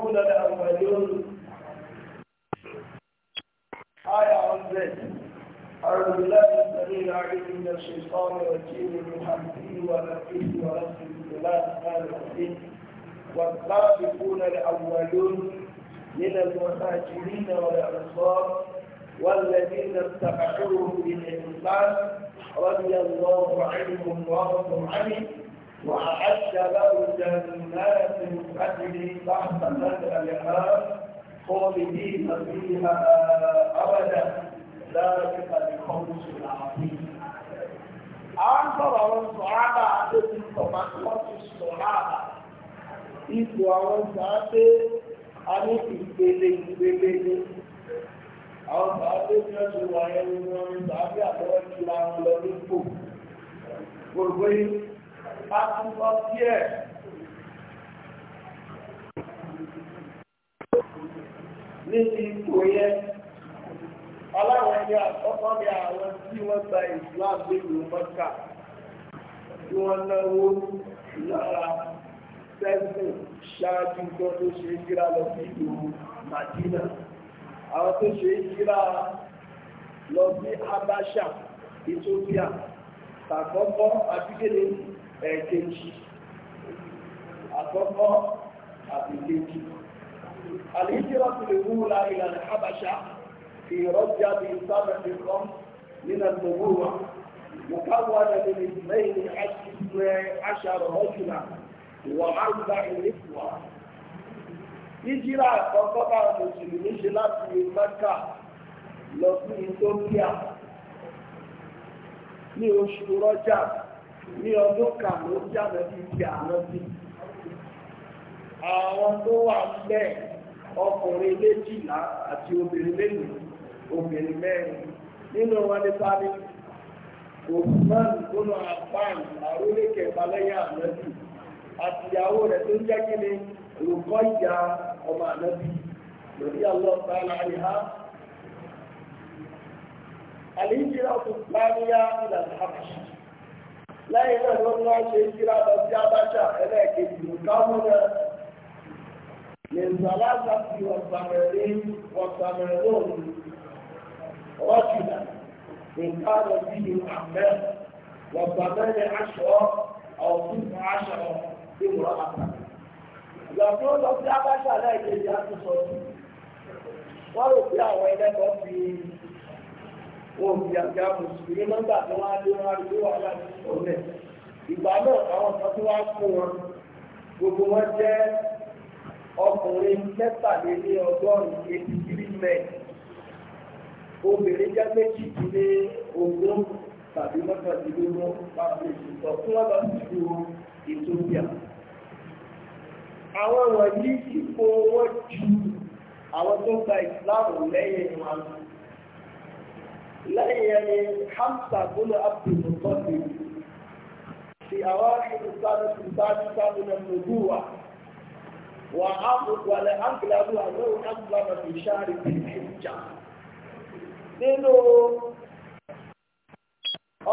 يكون الأولون آية عزيز أرض الله السميع العليم من الشيطان الرجيم المحمدين حمده ونفسه ونفسه بسم الله الرحمن الرحيم والسابقون الأولون من المهاجرين والأنصار والذين اتبعوهم بالإحسان رضي الله عنهم ورضوا عنه وأعد له جنات تجري تحت مدعيها خالدين فيها أبدا ذلك الخمس العظيم أنظر الصعاب عدد تمحص الصعاب إذ وأن سعاد أنك بلي بلي أو بعد جاز وعين من بعد أبوك لا ملوك قربين bá tún lọ sí ẹ̀. Níbi ipò yẹn, ọlọ́run ẹni àkọ́kọ́ ni àwọn tí wọ́n gba ìsìláà gbèrú mọ́kà tí wọ́n náwó lára sẹ́sìn ṣáájú tó tó ṣe é kíra lọ sí ìlú Màdínà. Àwọn tó ṣe é kíra lọ sí Abáṣà, Ethiopia, tàkọ́kọ́ àbíkẹ́lẹ́ ẹ̀ẹ̀kejì àkọ́kọ́ àbìkejì àlejò ti mú la ìlànà habasha fi rọ́jà bí sábà ti kọ́ nínú ìgbòho مكونة من اثنين عشر رجلا وأربع نسوة Ìjírà àkọ́kọ́ bá Mùsùlùmí ṣe láti Mẹ́kà lọ sí Ethiopia ní oṣù Rọ́jà ní ọdún ka ló jáde bí ti àná sí. Àwọn tó wà ọkùnrin méjìlá àti obìnrin mélòó obìnrin mẹ́rin nínú wọn ní sáré Osman gbóná Afan àrólé kẹfà lẹ́yìn ànábì àtìyàwó rẹ̀ tó ń jẹ́ kí ni olùkọ́ ìyá ọmọ ànábì lórí àlọ́ta láàrin ha. ìlànà àbùsùn. lẹ́yìn náà ló ń wá ṣe kíra lọ sí abájá ẹlẹ́ẹ̀kejì lùkámúnà lè zàlá láti ọ̀sàmẹ̀lẹ́ ọ̀sàmẹ̀lóòrùn ọ̀ṣùnà nǹkan lọ sí ìlú àmẹ́ ọ̀sàmẹ̀lẹ́ aṣọ ọ̀sùn aṣọ ìwúrọ̀ àtà. ìgbà tó lọ sí abájá ẹlẹ́ẹ̀kejì á wọ́n rò pé àwọn ẹlẹ́kọ̀ọ́ fi wọn fi àgbà mùsùlùmí nọ́mbà tí wọ́n á lé wọn àdúgbò wà láti sọ̀rọ̀ ìgbà náà àwọn kan tí wọ́n á kó wọn gbogbo wọn jẹ́ ọkùnrin mẹ́tàléní ọgọ́rùn-ún eighty three men obìnrin jẹ́ méjìdínlé ogún tàbí mọ́tàdínlógún pàṣẹ ìṣùtọ̀ tí wọ́n lọ sí ìlú Ethiopia. àwọn wọ̀nyí ipò wọn ju àwọn tó gba ìsìláàmù lẹ́yìn wọn lẹ́yìn yẹn ni hamsa bolo abdul tọ́lì si awa ìsáré ìsáré sáré lọ lójú wa wà á gbogbo alẹ́ ángíláàbù àgbẹ̀wò ángíláàbù àti ìṣáàrí ti ìjà nínú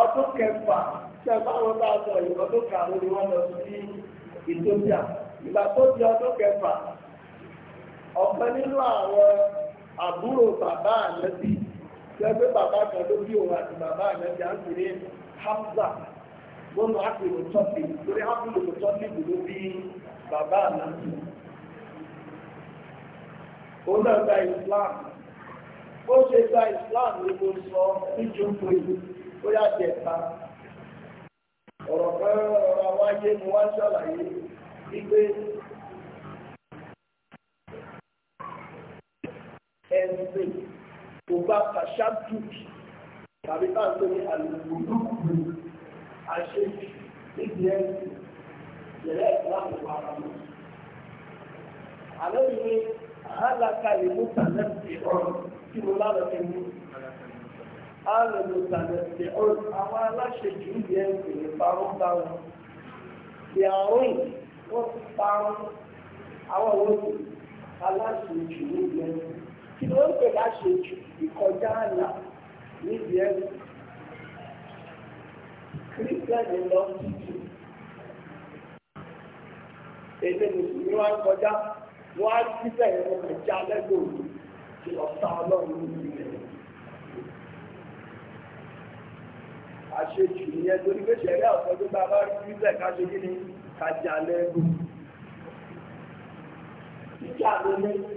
ọdún kẹfà tí ẹgbẹ́ àwọn Ethiopia sẹ́gbẹ́ bàbá kan ló bí òun àti bàbá àgbẹ̀bí à ń pè ní Hamza wọ́n mọ̀ ápè tọ́pì gba Islam ó ṣe gba Islam ni mo sọ níjókòó yìí ó yà jẹ ta ọ̀rọ̀ kan ọ̀rọ̀ wáyé tó bá fàṣájú tàbí bá ń tó ní àlùkùlùkù àṣejù níbi ẹ̀sìn ìṣẹ̀lẹ̀ ìsìláàmù ara mọ́. Àlọ́ yìí ni àhálàkà lè mú tàlẹ́ǹtì ọ̀rọ̀ tí mo bá lọ fi mú. Àlọ́ mú tàlẹ́ǹtì ọ̀rọ̀ àwọn aláṣejù níbi ẹ̀sìn ní parun bá wọn. Ìyàrún wọ́n parun àwọn òwò aláṣejù níbi ẹ̀sìn kí ló ń pè ìkọjá àlà níbi ẹ̀rù kírísítẹ́nì lọ títù èdè mùsùlùmí wá ń kọjá wọ́n á síbẹ̀ ẹ̀rọ ẹ̀já lẹ́gbẹ̀ẹ́ tí ọ̀sán ọlọ́run ní ilẹ̀. àṣejù nìyẹn torí pé ṣẹ̀rí àwọn ọ̀sán tó bá bá rí kírísítẹ́ ká kí ni ká jà ìjà ló lẹ́yìn.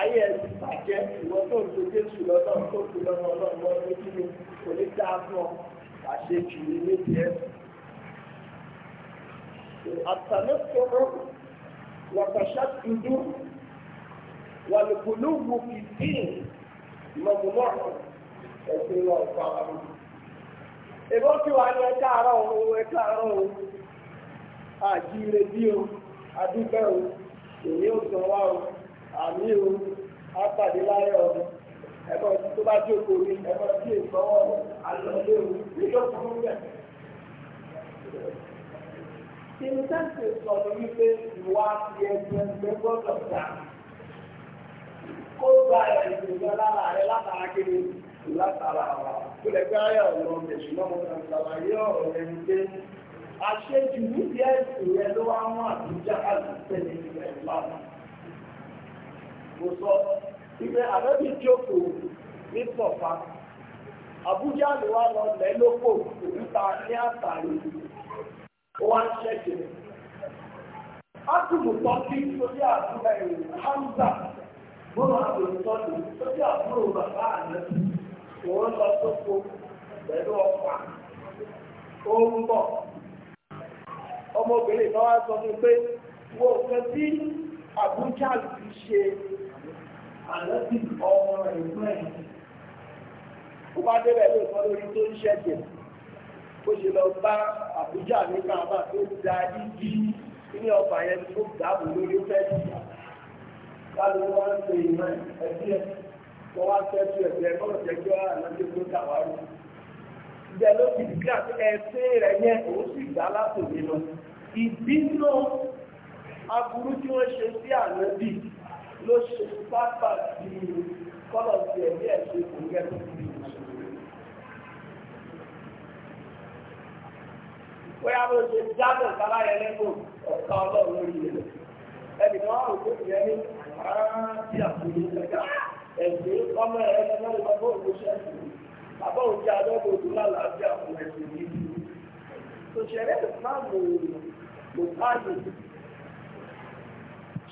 ayé ẹ̀sìn bàjẹ́ ìwọ tó ń dojú èṣù lọ́nà tó kú lọ́nà ọlọ́run wọn ní kí ni kò ní dá fún ọ àṣẹ jù ní méjì ẹ̀. àtàlẹ́ sọ̀rọ̀ wàtàṣà dúdú wàlùkùlù wù kì í mọ̀mọ́ ẹ̀sìn lọ fara mi. èbó kí wàá ní ẹ̀ka àárọ̀ òun ẹ̀ka àárọ̀ òun àjíire bí o adúgbẹ́ o èmi ò sọ wá o àmì o apàdé láyọ̀ ẹ̀fọ́ tó bá jókòó ní ẹ̀fọ́ tí èso ọ̀rọ̀ àlọ́lé o níjọ́ fún un bẹ̀. Ìmùtẹ́sì sọ̀rọ̀ wípé ìwà ti ẹgbẹ́ ẹgbẹ́ gbọ́dọ̀ dá. Kó gba ẹ̀sìn ìgbà lára rẹ̀ látara kiri látara wa. Kúlẹ̀gbẹ́ ayé ọ̀rọ̀ ẹ̀sìn náà mo kàn ṣàlàyé ọ̀rọ̀ rẹ̀ wípé àṣejù nídìí ẹ̀sìn rẹ̀ ló wá mú àtúnjá àti tẹ̀lé ìgbà ìlànà. kò sọ ìgbé àbẹ́bí jókòó ní sọ̀fà ni lọ lẹ́ lóko òkúta ní àtàrí ó wá ń ṣẹ̀jẹ̀. Átùmù ọrịa sójú àbúrò ẹ̀rù Hamza ọrịa àbúrò ọrịa sójú àbúrò bàbá àná lọ sóko pẹ̀lú ọ̀pá ó ń bọ̀. Ọmọbìnrin wá sọ fún pé àlọ́sì ọmọ ẹ̀gbọ́n ẹ̀. ó wá débẹ̀ ló sọ lórí tó ń ṣẹ̀jẹ̀ ó ṣe lọ bá àbújá ní káàbà tó da dídí ilé ọba yẹn tó dáàbò lórí fẹ́ jìyà láti wọ́n ń pe ìmọ̀ ẹ̀sìn ẹ̀ wọ́n wá fẹ́ tu ẹ̀sìn ẹ̀ kọ́nà jẹ́ kí wọ́n àná tó tó tàwárí. ìjẹ́ ló ti bí àti ẹ̀sìn rẹ̀ yẹn òun sì gbá látòmí lọ. ìbínú aburú tí wọ́n ṣe sí àná ló ṣe pápá sí kọ́lọ̀ sí ẹ̀mí ẹ̀ṣẹ̀ kò ń gẹ́gẹ́ bí bóyá ló ṣe jáde sára yẹn lẹ́gbò ọ̀ka ọlọ́run lórí rẹ̀ ẹnì kan wà lóko ìyẹn ní àrántí àkùnrin ìgbẹ́ka ẹ̀sìn ọmọ ẹ̀rọ ẹ̀rọ ẹ̀rọ bó ń ṣe ẹ̀sìn bàbá òjì àdọ́gbò tó lálàáfíà fún ẹ̀sìn yìí tó ṣẹlẹ̀ máa mú mú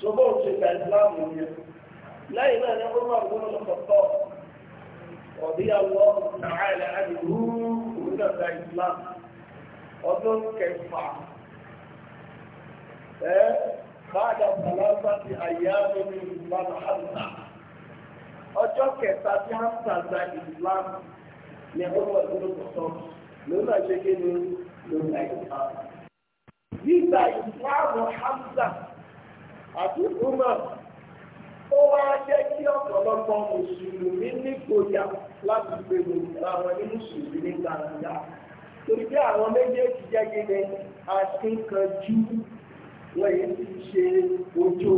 ṣùgbọ́n ṣe ka ìsìláàmù yẹn lẹ́yìn náà ni ọmọ ìsìláàmù ọdún kẹfà ẹ ti ìsìláàmù hàmsà ọjọ́ kẹta hàmsà ìsìláàmù ni ọmọ ìsìláàmù àti umar ó wá jẹ́ kí ọ̀pọ̀lọpọ̀ mùsùlùmí nígboyà láti gbèrò àwọn ní mùsùlùmí ní gbàgbà torí pé àwọn méjèèjì jẹ́ gẹ́gẹ́ akínkanjú wọ́n yìí ti ṣe ojú.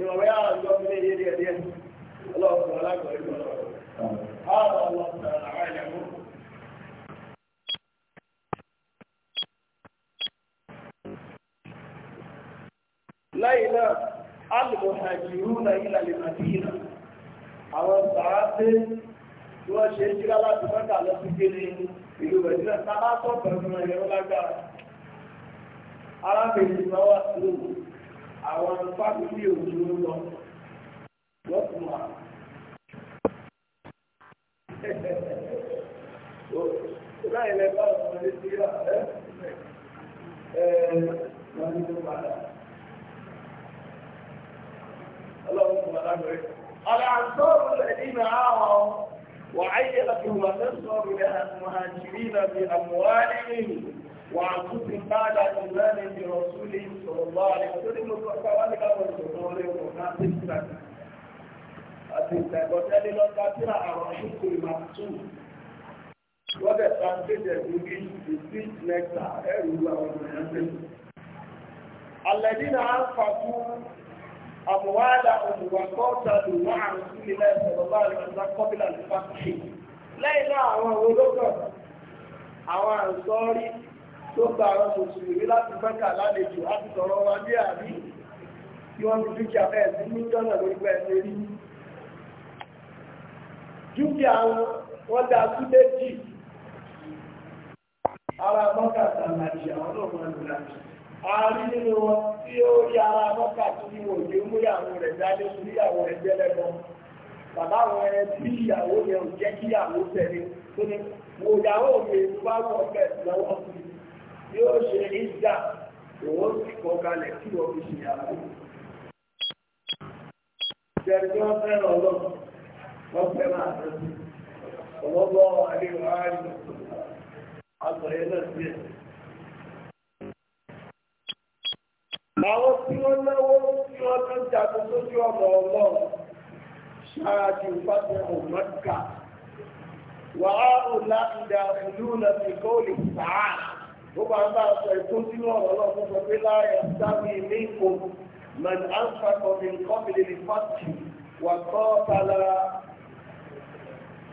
ìrọ̀wé àjọ ní eré ẹ̀rí ẹ̀ ọlọ́run alágbọ̀n ìgbọ̀n. هذا الله تعالى أعلم lẹ́yìn náà al-muhajiruna ila al-madina àwọn sàábé tí wọ́n ṣe jíra láti mọ́ta lọ sí kéré ìlú bẹ̀rẹ̀ náà sábà tó bẹ̀rẹ̀ náà yẹn lágbára arábìnrin náà wà sí àwọn fábílì òjò lọ lọ́sùn wa. láyìn lẹ́gbàá ọ̀sán lè ṣe é rà wọ́n ní tó padà ọlọ́run kò máa lọ́rẹ́. Àlàǹsọ́rù lẹ́dínà àwọn وعين بهم النصر للمهاجرين بأموالهم وعقوب بعد إيمان برسوله صلى الله عليه وسلم فكذلك والرسول المنافق àti ìtẹ̀gbọ́tẹ́lé lọ́ta tí àwọn ṣùkú ìmàtún lọ́dẹ̀ tàbílẹ̀ lórí ìsí nẹ́ta ẹ̀rù á fàkú أموالهم وقاتلوا مع رسول الله صلى الله عليه وسلم قبل الفتح ليلى وولوكا àwọn àǹsọ́rí tó gba àwọn mùsùlùmí láti mẹ́kà lálejò láti sọ̀rọ̀ wọn bí àbí tí wọ́n fi dúkìá bẹ́ẹ̀ sí ní jọ́nà lórí pẹ̀lú rí. dúkìá wọn dá sí méjì ara mọ́kà tàbí àwọn náà wọn lò láti àárí nínú wọn tí ó yí ara mọ́kà tó ní òjò múyàwó rẹ̀ jáde múyàwó rẹ̀ jẹ́lẹ̀ lọ. Bàbá àwọn ẹni ìyàwó yẹn ò jẹ́ kí ìyàwó tẹ̀lé tó ní ìyàwó mi bá lọ́wọ́ sí i ṣe ìjà òun sì kọ́ kalẹ̀ tí wọ́n fi tí wọ́n fẹ́ràn ọlọ́run wọ́n fẹ́ràn àtẹ̀sí. Ọ̀lọ́gbọ́n àdéhùn Àwọn tí wọ́n náwó tí wọ́n tó jagun sójú ọmọ ọlọ́run ṣáájú fásitì Mẹ́kà. Wà á rò láìda ìlú láti kóòlì sàá. Ó bá ń bá sọ ètò sínú ọ̀rọ̀ náà fún sọ láàyè sábì ní ìkó. Mẹ̀n á ń fakọ̀ mi nǹkan mi lè fàtì wà kọ́ tala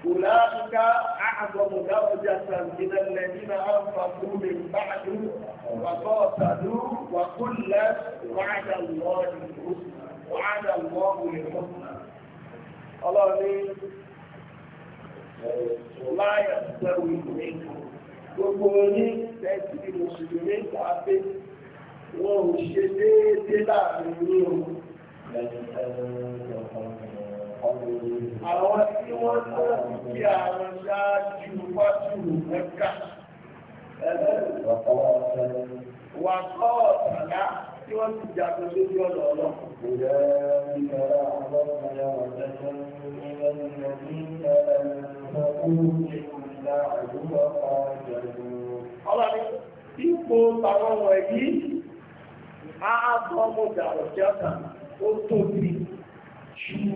أولئك أعظم درجة من الذين أنفقوا من بعد وقاتلوا وكلا وعد الله الحسنى وعد الله الحسنى الله لا يستوي منكم gbogbo ní tẹ́tí mùsùlùmí tàbí wọn ò ṣe déédéé láàrin ní òun àwọn tí wọ́n náà kí àwọn ṣáájú fájú mẹ́ka wà kọ́ ọ̀tàlá tí wọ́n ti jagun lórí ọ̀nà ọ̀nà. Ìyá ìyá àwọn ọmọ ya wà lẹ́sẹ̀ ní ẹni ẹni ẹni ọkùnrin ìlà àdúgbò ọ̀jọ̀ ìlú. Ọlọ́ni, ipò tàwọn wọ̀nyí, ààbọ̀ mọ̀jà ọ̀jọ́ ó tóbi ju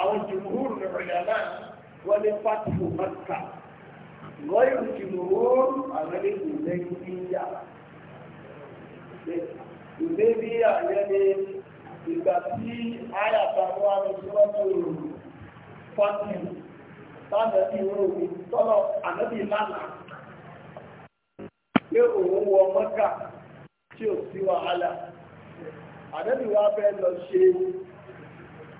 àwọn jùmùhúrù ìrìnàmá wọ́n ní fatihu maka lọ́yọ̀ jùmùhúrù àwọn ilé ìlẹ́yìnbíyà ìlẹ́yìnbíyà yẹni ìgbà tí ayàtàwọn amúsíwájú fatihu tánàbí rògbì tọ́lọ̀ ànábì lánàá pé òun wọ mọ́kà tí ò sí wàhálà ànábì wa fẹ́ lọ ṣe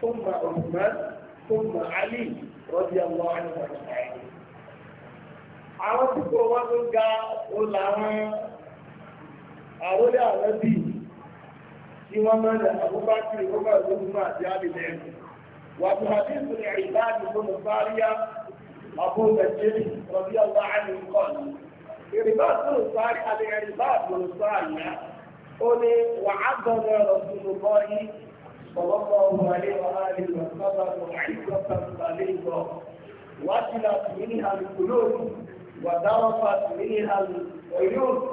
ثم عثمان ثم علي رضي الله عنه أجمعين àwọn tí kò A tó ga olàwọn àwọ́dá àwọn bí tí wọ́n máa dà àbúbá tí ìwọ́gbà ìgbóhùnmá àti àbìlẹ̀ wàtí àti ìsìnlẹ̀ ìbáàdì tó mọ̀ fáríyá àbú nàìjírí rọ̀bí ọba àmì kọ́ ìrìbá tó àti tó ó ní wàá صلى الله عليه وآله وسلم وعزة بليغة وجلت منها القلوب وذرفت منها العيون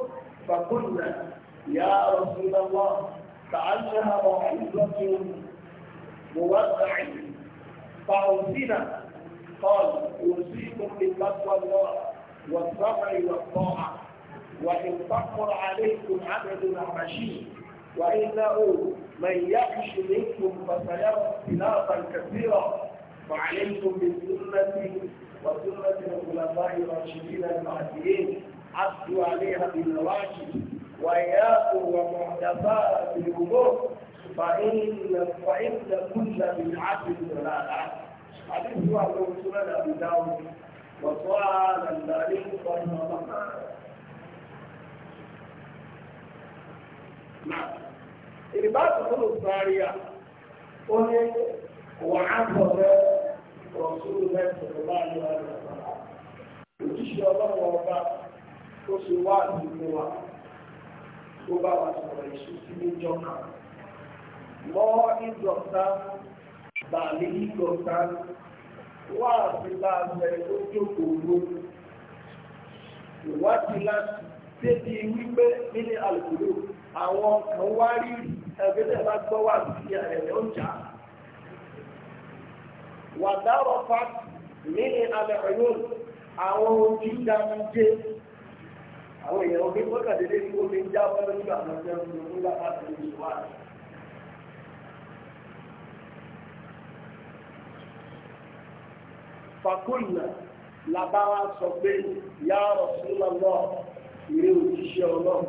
فقلنا يا رسول الله تعالها موعظة مودع فأوصينا قال أوصيكم بتقوى الله والصبر والطاعة وإن تقر عليكم عبد عشير وإنه من يعش منكم فسيرى اختلافا كثيرا فعليكم بالسنة وسنة الخلفاء الراشدين المهديين عبدوا عليها بالنواجذ وإياكم ومحدثات الأمور فإن فإن كل ولا ضلالة حديث عن سنن أبي داود وقال الذي رحمه الله نعم ìrìbáàtù tó lò sáríà ó ní wà á bọ̀ rẹ rọ̀sùlù mẹ́sàn-án láàrin ọ̀rẹ́ òjíṣẹ́ ọlọ́run ọba tó ṣe wá àdúgbò wa tó bá wa sọ̀rọ̀ èṣù sí níjọ́ kan mọ́ ìdọ̀tà bàálí ìdọ̀tà wá àti láàbẹ̀ tó jókòó lórí ìwádìí láti débi wípé nílé àlùkò àwọn kan wá rí rí ẹgbẹ́tẹ̀ bá gbọ́ wà sí ẹ̀rẹ̀ ló ń jà. wàdárọ̀ fat ní alẹ́ ọ̀yún àwọn ojú dáadé àwọn èèyàn omi mọ́kàndínlẹ́ ní omi jábọ́ lójú àwọn ọjọ́ ìlú ńlá láti lè wà. fàkúlù làbáwá sọ pé yá Rasulullah ìrẹ́ òjíṣẹ́ ọlọ́run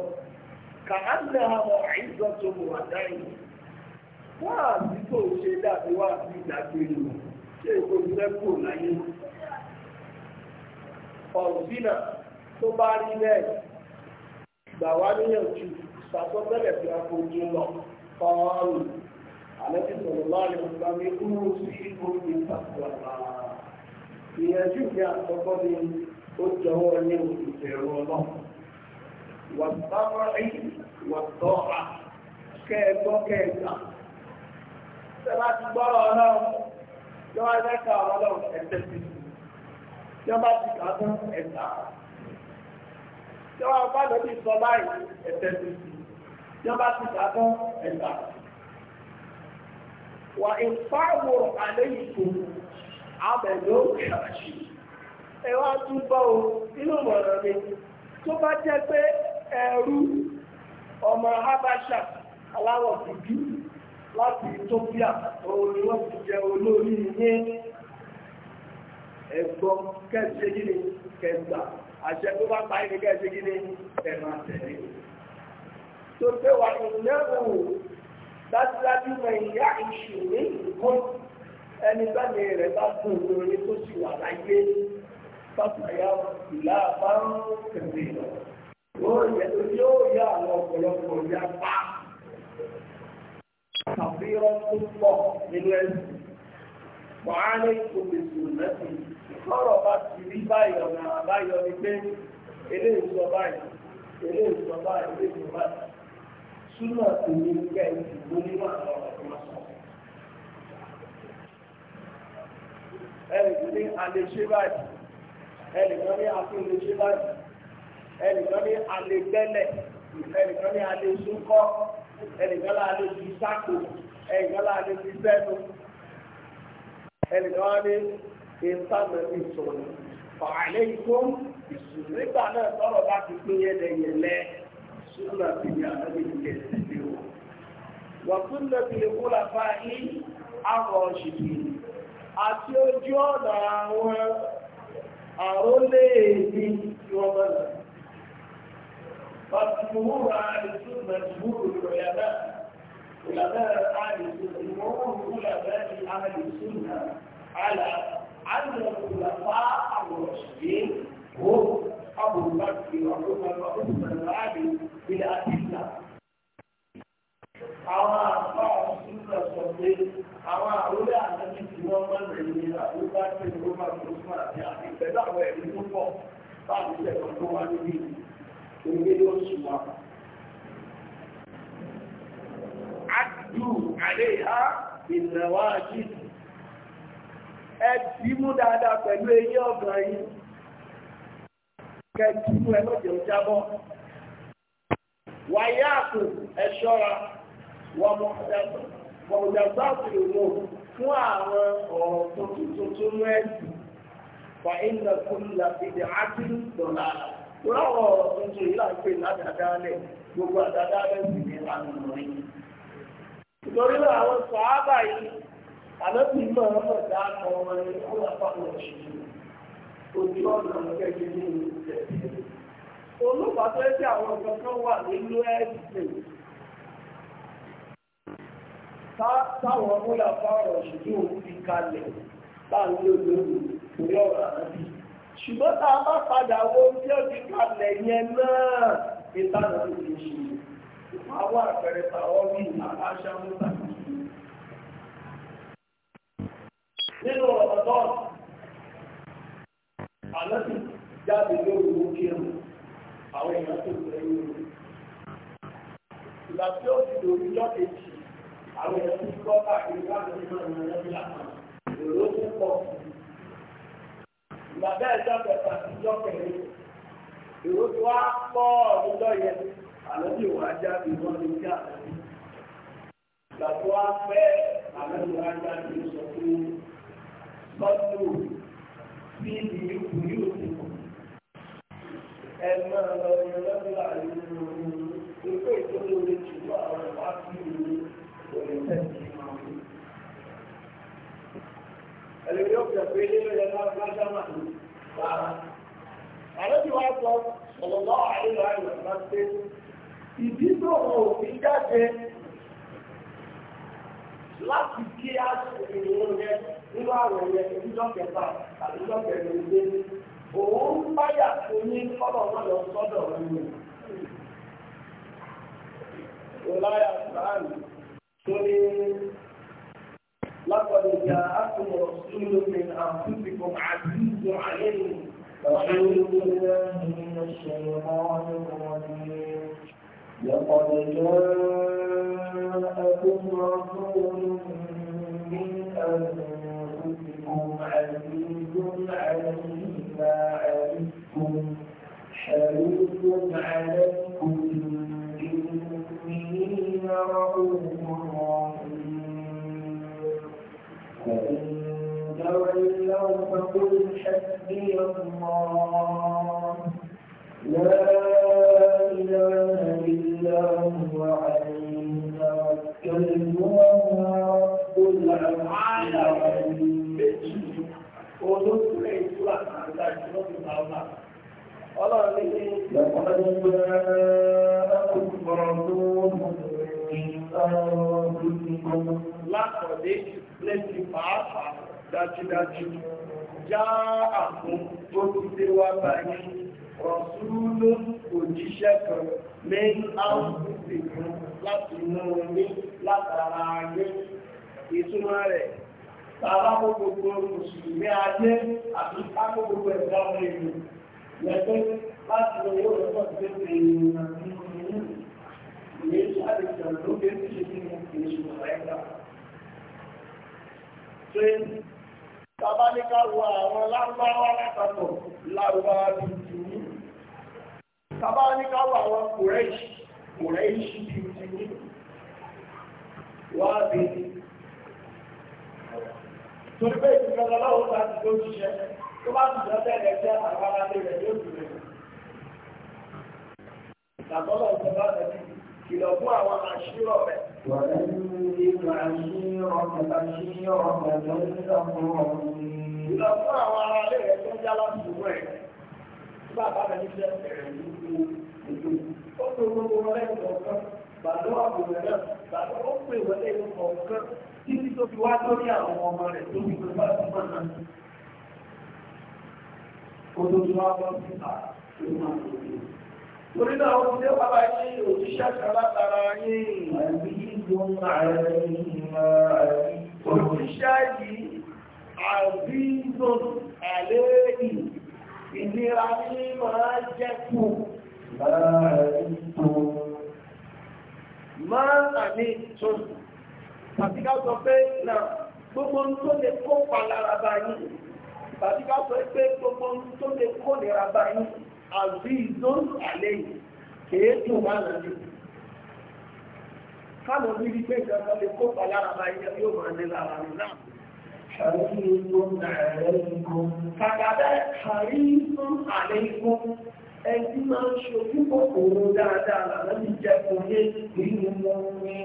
ụmụ ha ودعي wáàbí tó ṣe dàbí wáàbí ìdágbére lò ṣé èkó ìrẹ́pò láyé ọ̀sìnà tó bá rí tí a fojú lọ kọ́ọ̀lù àlẹ́bí sọ̀rọ̀ láàrin ọ̀gá mi kúrò sí ìgbòkè ìtàkùwà ìyẹn jù ní àkọ́kọ́ ni ó ní ọlọ́run wàtọ́rọ̀ì wàtọ́ra kẹ́ẹ̀gbọ́ kẹ́ẹ̀gbà sẹ́lá ti gbọ́rọ̀ ọlọ́run yọ́wọ́ ẹ̀ka ọlọ́run ẹ̀tẹ́ sí yọ́bá ti kà fún ẹ̀ta yọ́wọ́ ọba lórí sọ báyìí ẹ̀tẹ́ sí yọ́bá ti kà fún ẹ̀ta wà ìfáwò àléyìnkò abẹ̀ló kàṣì ẹ̀wá túbọ̀ o inú mọ̀ràn mi tó bá jẹ́ pé Eru ọmọ habasha aláwọ̀ dúdú láti Ethiopia òun wọ́n ti jẹ olórí ní ẹ̀gbọ́n kẹ́sìgínì kẹgbà àṣẹ tó bá parí ní kẹ́sìgínì ẹ̀mà tẹ̀lé tó pé wà ìlẹ́wò dájúdájú mọ ìyá ìṣù ní ìkún ẹni bẹ́ẹ̀ rẹ̀ bá fún òun tó sì wà láyé pàtàkì ìlà bá ń wọ́n yẹ tó ya pa àfihàn tó pọ̀ nínú ẹ̀sìn wàhálà ìkòkè sùn lẹ́sìn kọ́rọ̀ bá ti rí báyọ̀ náà àbáyọ ni pé eléyìí sọ báyìí eléyìí sọ báyìí eléyìí sọ báyìí súnà tèmi kẹ́ ẹ̀ ti gbó nínú àwọn ọ̀rọ̀ tó máa sọ. ẹnì ní alẹ́ ṣe báyìí ẹnì kan ní àfihàn ṣe báyìí ẹnìkan ní alẹ́ gbẹ́lẹ̀ ẹnìkan ní alẹ́ sunkọ́ ẹnìkan ní alẹ́ fi sáko ẹnìkan ní alẹ́ fi sẹ́nu ẹnìkan ní ìtànà ìsòrò fàálẹ́ ikú ìsòrò nígbà náà tọrọ bá ti pín yẹlẹyẹlẹ sùnà tìyẹ àtàbí ìjẹ ìdílé o wọ́n tún lè fi ìwúlà fáyín àwọn òṣìṣẹ́ àti ojú ọ̀nà àwọn àrólé èdè tí wọ́n mọ̀ náà. فالجمهور أهل السنة جمهور العلماء علماء أهل السنة جمهور علماء أهل السنة على أن الخلفاء الراشدين هم أبو بكر وعمر وعثمان وعلي بالأدلة àwọn àpá ọ̀sùnlọ̀ sọ pé àwọn àrólẹ́ àtẹ́bí tí wọ́n mọ́ ìrìn àrúgbá tí ó máa tó fún àti àti pẹ̀lú àwọn ẹ̀rí onígbé ló ń sùn wá. Adù àlẹ́ ìhá ìrìnàwá àjíjì. Ẹ ti mú dáadáa pẹ̀lú eyín ọ̀gàn yín. Kẹ̀tì mú ẹ lọ́jọ́ jábọ́. Wàyá àpò ẹ ṣọ́ra. Wọ́n mọ̀ ọ̀dàgbà òkèlè mọ̀ fún àwọn ọ̀rọ̀ tuntun tuntun mẹ́sì. Fa ìlà kúlà ìdè àti láwọn tuntun yìí là ń pè ládàádáálẹ̀ gbogbo àdáadáálẹ̀ sì ní ìlànà rẹ̀. ìtorí náà àwọn yìí mọ̀ ọmọ ojú ọ̀nà kẹ́kẹ́ ní àwọn wà nínú táwọn ọmọ òun fi kalẹ̀ láàrin torí ọ̀rọ̀ ṣùgbọ́n tá a bá padà wo tí ó ti kalẹ̀ yẹn náà ìtànà tó ti ṣe àwọn àpẹẹrẹ tàwọn bí aláṣà ń tà nínú ọ̀dọ́ àlọ́sì jáde lórí òkè rẹ̀ àwọn èèyàn tó tẹ̀lé rẹ̀ ìgbà tí ó ti àwọn èèyàn tó ìgbàgbé ẹ̀dá kẹta ìjọ kẹrin èrò tí wàá pọ̀ níjọ yẹn àlọ́bí wàá jáde wọn ní kí àlọ́bí ìgbà tó wàá pẹ́ àlọ́bí wàá jáde sọ fún lọ́dún bí ìlú kù yóò ti kù ẹ máa lọ ní ọlọ́dún láàrin ìlú ìpè ìtọ́jú orí jù lọ àwọn ìwà sí ìlú òyìnbó. ẹlẹ́mi yóò fẹ́ pé nínú yẹn náà lájá máa ní rárá. àlejò wa sọ ọ̀lọ́lọ́ àìlọ́ àìlọ́ máa ṣe ìdí tó wọn ò fi jáde láti kí á ìrìnrìn yẹn nínú àwọn yẹn ìdíjọ́ kẹfà àti ìjọ́ kẹfà ìdílé òun báyà tó ní kọ́lọ̀ náà sọ́dọ̀ nínú. Ìlàyà Sàánì tó لقد جاءكم رسول من أنفسكم عزيز عليه أعوذ بالله من الشيطان الرجيم لقد جاءكم رسول من أنفسكم عزيز عليه ما عرفتم حريص عليه فقل حسبي الله لا إله إلا هو عليه توكلت وهو رب العرش العظيم olóṣèlú ìtura àgbà ìṣúná ti ta ọ̀la. ọlọ́run ní kí lọ́kọ̀ọ́ ní gbẹ́rẹ́ ọkùnrin lọ́wọ́ lápọ̀dé lẹ́sìn pàápàá dájúdájú já àkún tó ti dé wá báyìí rọ̀súlù òjíṣẹ́ kan mẹ́rin áwùsì kan láti mú omi látara ayé ìtumọ̀ rẹ̀ tààrà gbogbo mùsùlùmí ayé àti kákó gbogbo ẹ̀dá ọmọ ìlú lẹ́gbẹ́ láti lọ yóò lọ́pọ̀ tó ṣe ìrìnà ìwé sáré ìjọba ló gbé ṣe sí ìṣòro ẹ̀dá. Bàbá ní ká wo àwọn lárúbáwá lápapọ̀ lárúbáwá bíi tìmí. Bàbá ní ká wo àwọn kùrẹ́ṣì kùrẹ́ṣì bíi tìmí. Wá bí. Torí pé ìgbìmọ̀ ọlọ́run ti tó ṣiṣẹ́, tó bá ti dán bẹ́ẹ̀ lẹ́jẹ́ àwọn aráàlú rẹ̀ yóò kìlọ̀ fún àwọn àṣírọ̀ rẹ̀. kìlọ̀ fún àwọn aráalé rẹ̀ tó ń yálà sùnú ẹ̀ bàbá rẹ̀ ní sẹ́ ẹ̀rẹ̀ lóko ètò ó tó gbogbo wọn lẹ́yìn kọ̀ọ̀kan bàbá wà bò rẹ̀ náà bàbá ó pè wọ́n lẹ́yìn kọ̀ọ̀kan títí tó fi wá lórí àwọn ọmọ rẹ̀ tó fi gbogbo àtúmọ̀ náà. Odò tó wá bọ́ sí àtúmọ̀ àtúmọ̀ torí náà ó ti dé bàbá yín òṣìṣẹ́ kan látara yín òṣìṣẹ́ yìí àbíjọ àléèdì ìnira ní máa jẹ́ kù máa àmì tó tàbí ká sọ pé náà gbogbo ń tó lè kó palára bá yín tàbí ká sọ pé gbogbo ń tó lè kó nira bá yín àzízón àlẹ́yìn kèé tó bá nà ní. Káàmù bí wípé ìjọba lè kópa lára máa yẹ yóò máa ní lára rẹ̀ náà. Àríyìnbọn àlẹ́yìnbọn. Kàkàdá àríyìnbọn àlẹ́yìnbọn. Ẹni máa ń ṣojú kòkòrò dáadáa làwọn ti jẹ kò yé nínú mú ní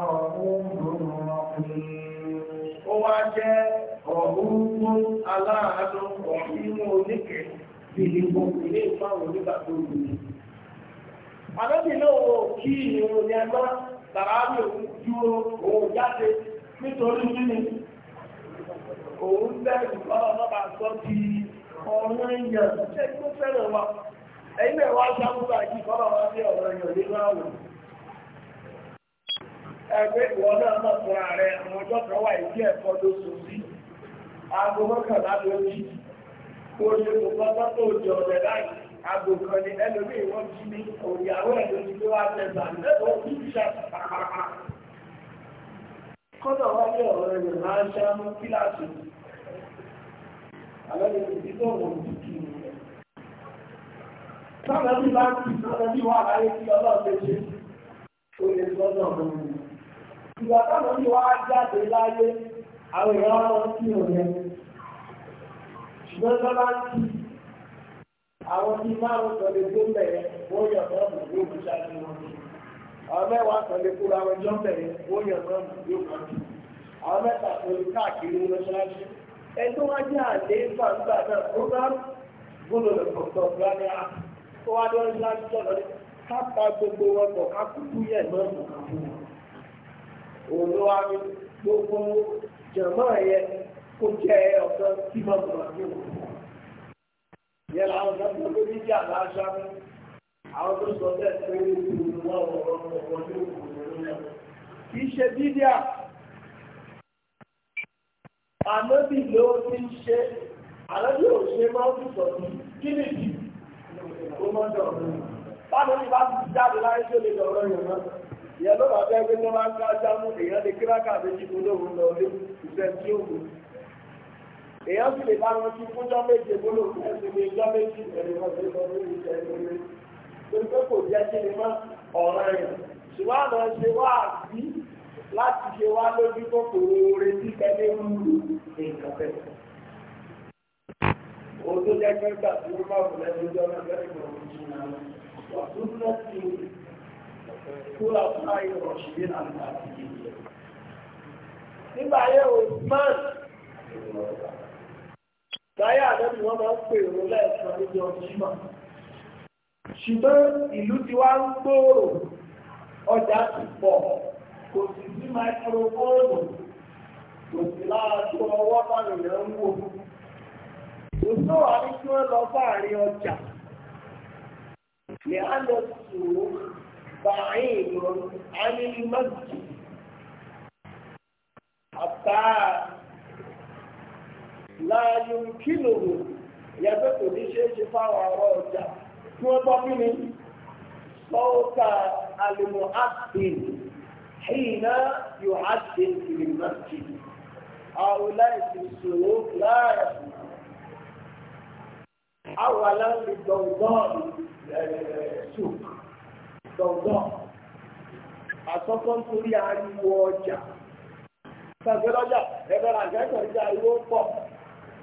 ọ̀hún ọ̀hún. Ó wá jẹ́ ọ̀hún aláàánú ọ̀hún oníkẹ̀ẹ́. bìbí gbogbo ilé ìfáwọn onígbà tó ń gbòòrò. àlọ́bì náà kí ìrìn ní ẹgbẹ́ òun dúró òun jáde nítorí nínú òun náà sọ ti èèyàn yìí wá sí ọ̀rọ̀ èèyàn ẹgbẹ́ ìwọ náà náà àwọn ọjọ́ kan wà ìdí kó ṣe kò kọ́kọ́ tó jọ ọ̀rẹ́ báyìí aago kan ni ẹlòmíì wọ́n jí ní òyàwó ẹ̀ lójú tó wá tẹ̀sà lẹ́kọ̀ọ́ kí n ṣe pàpàpà. kọ́nà wá ní ọ̀rọ̀ rẹ̀ máa ń ṣáánú kíláàsì àlọ́ ni kò sí tó wọ̀ ní kí ni. sábà bí bá ti sọ́nà bí wà láyé kí ọlọ́run lè ṣe ó lè sọ́nà ọ̀rọ̀ rẹ̀. ìgbà táwọn bí jáde láyé àwọn ìyá wọn kí ṣùgbọ́n tó bá ń kí àwọn tí márùn kan lè gbé bẹ̀rẹ̀ wọ́n yàn náà mú yóò mú ṣáájú wọn kí àwọn mẹ́wàá kan lè kóra wọn jọ bẹ̀rẹ̀ wọ́n yàn náà mú yóò mú kí àwọn mẹ́ta kan lè káàkiri wọn ṣáájú ẹni tó wá jẹ́ àlè fàǹgbà náà ó bá gbọ́dọ̀ lọ́kọ̀ọ̀kan gbáníà ó wá lọ́ọ́ ṣáájú tọ̀nà ká pa gbogbo wọn bọ̀ ká yẹ̀ náà mú kàfún kó jẹ́ ọ̀sán tí mo sọ̀rọ̀ ní òun. Ìyẹn làwọn ọ̀sán tó lórí ìjà láṣá mú. Àwọn tó sọ bẹ́ẹ̀ pé ìlú wọn ọ̀rọ̀ ọ̀rọ̀ ní òun ló kì í ṣe bídíà. Ànábì ló ti ń ṣe àlọ́bí ò ṣe máa ń sọ̀ sí kí ni ìdí ó máa ń dọ̀rọ̀ báwo ni bá ti jáde láyé tó lè dọ̀rọ̀ yẹn náà ìyẹn ló bàbá ẹgbẹ́ tó máa ń ká jámù èèyàn lè kíráàkà méjì tó lóhùn lọ lé ìfẹ́ tí ó wù ú èèyàn sì lè bá wọn sí fúnjọ́ méje gbóló ẹ̀sìn ní ìjọ́ méjì ẹ̀rọ ọ̀sẹ̀ lọ lórí ìṣẹ́ lórí torí pé kò jẹ́ kí ni mọ́ ọ̀ràn rẹ̀ ṣùgbọ́n àná ṣe wá àbí láti ṣe wá lójú tó kò oore tí kẹ́lé ń lò nǹkan bẹ́ẹ̀. o tó jẹ́ pé gbà tí wọ́n bá wùlẹ̀ Láyé àdẹ́bì wọ́n máa ń pè òun lẹ́ẹ̀kan níjọ jímọ̀. Ṣùgbọ́n ìlú ti wá ń gbòòrò, ọjà ti pọ̀, kò sì sí máikrófóònù, kò sì láàájú ọwọ́ báyìí ń wò. Kò sọ́wọ́ ní kí wọ́n lọ fáàrin ọjà. Ní láàyò kílòrò ìyàgbẹ́ kò ní ṣe é ṣe fáwọn ọ̀rọ̀ ọjà tí wọ́n bọ́ kí ni sọ́ọ́ta alùmọ̀ àdìn hìnà yóò àdìn ìrìnàjì àwòlá ìṣòro láàyè àwàlá ìdọ̀gbọ́n ṣùk dọ̀gbọ́n àtọ́kọ́ nítorí ariwo ọjà. Sàgbélọ́jà ẹ̀bẹ̀rẹ̀ àgbẹ̀kọ̀ nígbà ariwo pọ̀.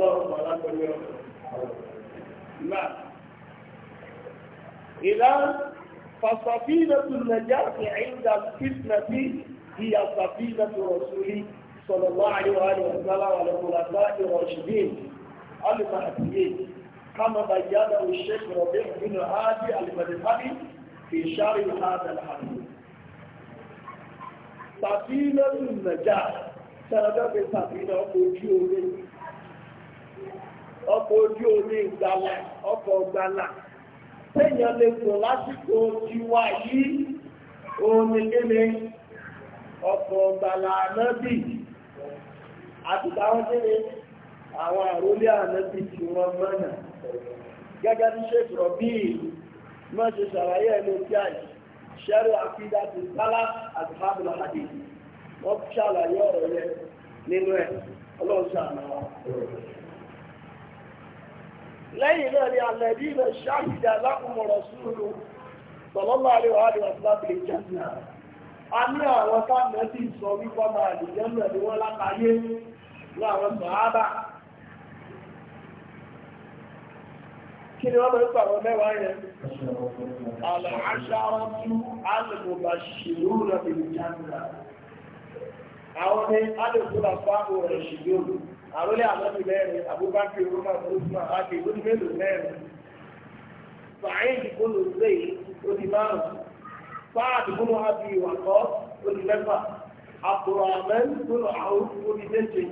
اللهم لا إلى نعم. فصفينة النجاة عند الفتنة هي صفينة رسول صلى الله عليه وآله وسلم على الخلفاء الراشدين المهديين كما بيّنه الشيخ ربيع بن هادي المذهبي في شرح هذا الحديث سفينة النجاة سبب سفينة وجوده ọkọ̀ ojú omi ìgbàlà ọkọ̀ ìgbàlà téèyàn lè sùn lásìkò tiwa yìí omi kéde ọkọ̀ ìgbàlà ànábì àti táwọn kéde àwọn àrólé ànábì tí wọ́n mọ̀nà gẹ́gẹ́ bí ṣètò rọ̀bì mọ́ ṣe ṣàlàyé ẹ̀lú tí àyè ṣẹ́rù àfídà ti sálá àti fábùlà àdìyí wọ́n ṣàlàyé ọ̀rọ̀ yẹn nínú lẹ́yìn náà ni àlẹ́bí ilẹ̀ ṣáàkìdà lákùnmọ̀rọ̀ súnú sọ̀lọ́lá àríwá àríwá lábìlẹ̀ jẹ́nà a ní àwọn táàmù tí sọ wípọ́ máa lè jẹ́nà ni wọ́n látàyé láwọn sọ̀hábà kí ni wọ́n mẹ́rin pàwọn mẹ́wàá yẹn rẹ̀ bìlì jẹ́nà àwọn ni àrólé àlọ́bí mẹ́rin abúbákí rúmà rúmà àti ìlú mélòó mẹ́rin fàáyìn ìkúlù zèyí ó di márùn fáàdì kúlù àbí ìwàkọ́ ó di mẹ́fà abdulrahman kúlù àwọn ó di méje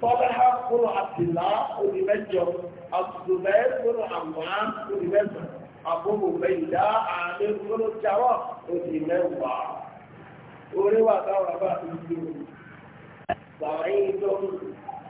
tọ́lá kúlù àtìlá ó di mẹ́jọ abdulmẹ́ kúlù àwọn ó di mẹ́fà àbúrò mẹ́yìndá àmì kúlù jarọ́ ó mẹ́wàá orí táwọn abá àti ìlú fàáyìn tó ń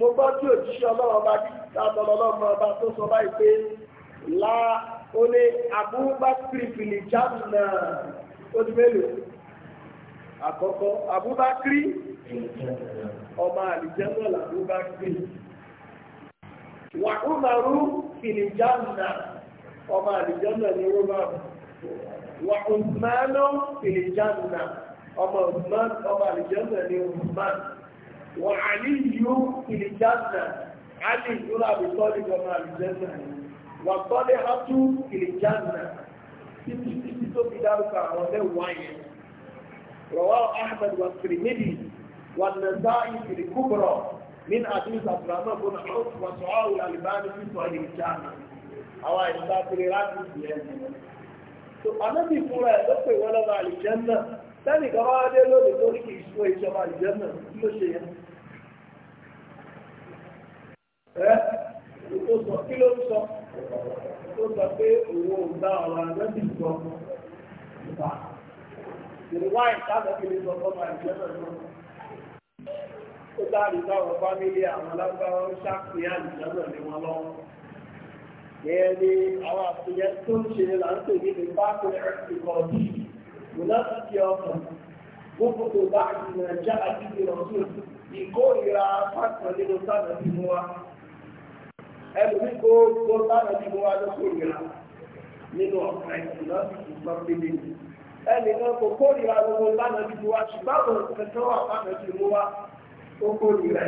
mo gbọ́ tí òjíṣẹ́ ọlọ́run bá bí sábọ̀lọ́lọ́mọ ọba tó sọ báyìí pé la ó ní abúbákiri fìlì jáàmùnà ó di mélòó àkọ́kọ́ abúbákiri ọmọ àlìjẹ́mọ̀ làbúbákiri wà úmàrú fìlì jáàmùnà ọmọ àlìjẹ́mọ̀ ni ó bá wà ùsùmánú fìlì jáàmùnà ọmọ àlìjẹ́mọ̀ ni ó bá wà á ní yú kìlìjánà á ní ìdúrà àbítọ́lì gọmọ àbíjẹ́nà wà tọ́lé hátú kìlìjánà títí títí tó fi dárúkọ àwọn mẹ́wàá yẹn rọwọ́ ahmed wà kìrìmìdì wà nàzáì kìlìkúbọ̀rọ̀ من حديث عبد الرحمن بن عوف وسعاو الألباني في صحيح الجامع àwọn àìsàn àti ìrántí ìyẹn. Ànábì fúnra ẹ̀ sẹ́nì kan wá dé lónìí tó ní kì í ṣúwọ́ ìjọba ìjẹ́ náà ló ṣe yẹn. ẹ tó sọ kí ló ń sọ tó sọ pé òun ò gba ọ̀rọ̀ àjọ́bì sọ ìgbà ìwá ìtàgé kí ló sọ fọ́mọ ìjẹ́ náà lọ. ó dárí táwọn fámílì àwọn alágbára ń ṣàpín àjẹ́ náà wọn lọ́wọ́. ìyẹn ni àwọn àfihàn tó ń ṣe là ń pè ní ìbákùnrin ẹ̀sìn kan bíi mùnàfíkì ọkàn gbogbo tó bá ìmọ̀ ẹ̀já àti ìrọ̀tún ìkórìíra pàtàkì nínú sáàdà ti mú wa ẹlòmí kó gbọ́ sáàdà ti mú wa ló kórìíra nínú ọ̀kan ìmọ̀nàfíkì ni ẹnì kan kò kórìíra gbogbo sáàdà ti mú wa ṣùgbọ́n àwọn kẹkẹ́ wà pàtàkì ti mú wa ó kórìíra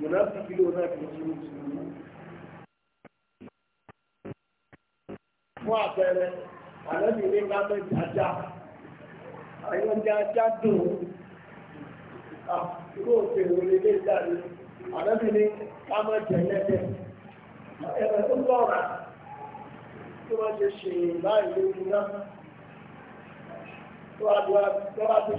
mùnàfíkì ló náà kì í ṣe mùsùlùmí. fún àpẹẹrẹ àlẹ́ mi ní ká mẹ́ta já àwọn ọmọdé ajá dùn kó ah, òṣèrò lélẹ́ ìdáre àdọ́bí ni ká mọ̀ jẹ́ tó lọ́ra tó wọ́n ṣe ṣe báyìí ló ń tó wá tó wá tó ń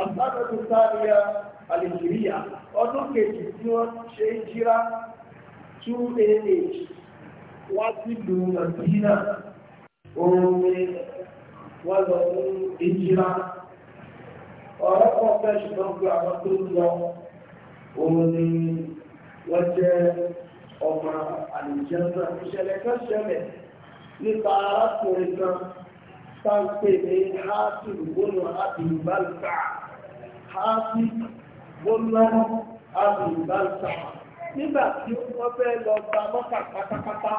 asádọ́tù sáàríà alìjíríà ọdún kejì tí wọ́n ṣe jíra 2ah wá sí ìlú nàìjíríà oòrùn wọ́n lọ ní ìjíra ọ̀rọ̀ pọ̀ fẹ́ ṣùgbọ́n àwọn tó lọ oòrùn ni wọ́n jẹ́ ọmọ àlìjẹ́sà ìṣẹ̀lẹ̀ kan ṣẹlẹ̀ nípa arákùnrin kan ní ààbí gbólọ́rọ́ ààbí ìbáṣà nígbà tí wọ́n fẹ́ lọ gba mọ́kà pátápátá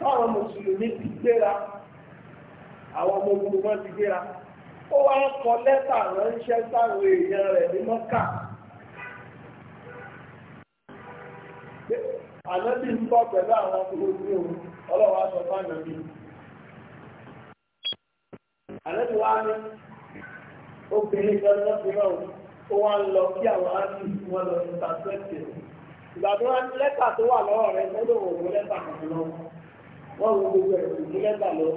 táwọn mùsùlùmí ti gbéra àwọn ọmọ ogun wọn ti gbéra ó wá kọ lẹ́tà ránṣẹ́ sáwọn èèyàn rẹ̀ ní ń pẹ̀lú àwọn ọmọ ogun òun ọlọ́wọ́ aṣọ wá ní. obìnrin lọ́dọ́ ti náà ó wá ń lọ kí àwọn áàtì wọn lọ sí tàbílẹ̀tì rẹ̀ ìgbà tó wọn lẹ́tà tó wà lọ́wọ́ rẹ̀ lọ́dọ̀ wò wọ́n lẹ́tà kan lọ wọ́n wo gbogbo ẹ̀rọ ìlú lẹ́tà lọ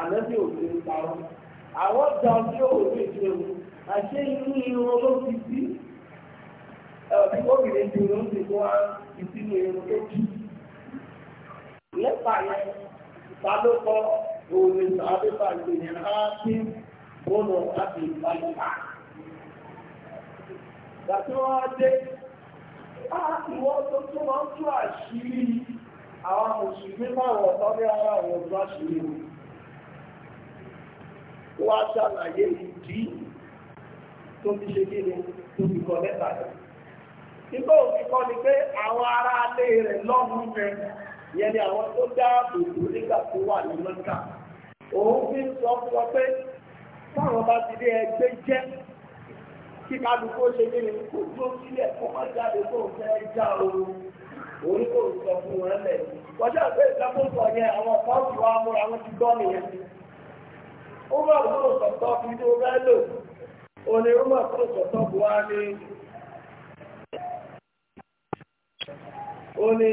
ànẹ́bí òde ń parọ́ àwọn ọjà tí ó wò ní ìṣe o àṣé inú irun ló fi sí ẹ̀rọ obìnrin ti irun ti kó wá ìsinmi irun tó kí lẹ́tà yẹn ta òun ni sàádé bá gbé yẹn bọ́ọ̀nù láti ìbáyìí. Gàtí wọ́n á dé, a ìwọ́ tó tó máa ń tú àṣírí àwọn mùsùlùmí máwọn ọ̀tọ́ ní ara àwọn ọ̀tọ́ àṣírí. Wọ́n á dị ìdí tó fi ṣe kí ni tó fi kọ́ lẹ́tà rẹ̀. Nígbà òfin kọ́ ni pé àwọn ará alé sọ fún ọ táwọn bá ti dé ẹgbẹ́ jẹ́ kí kálukú ṣe kí kó tó sílẹ̀ kó má jáde fẹ́ já ooru òun kò sọ fún wọn lẹ̀. yẹn àwọn ti múra wọn ti gbọ́ nìyẹn. ó bá òun sọ tọ́ fi tó bẹ́ẹ̀ lò òní ó bu ní.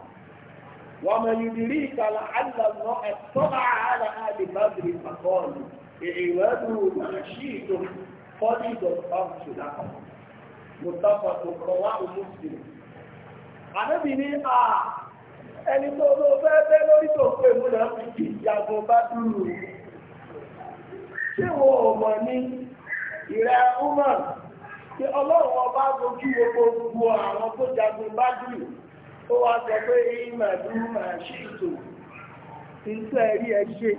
وما يدريك لعل الله اطلع على آل بدر فقال اعبدوا ما شئتم قد غفرت لكم متفق رواه مسلم Ànábì ní à ẹni tó ló fẹ́ bẹ́ lórí tó pé múlẹ̀ fi kì ìyàgò bá dúró. Ṣé wo ọmọ ní ìrẹ́ Umar tí ọlọ́run ọba dojú gbogbo àwọn tó jagun bá dúró ó wá sọ pé ìmọ̀lú màṣíìtò ti iri tẹ́ ṣe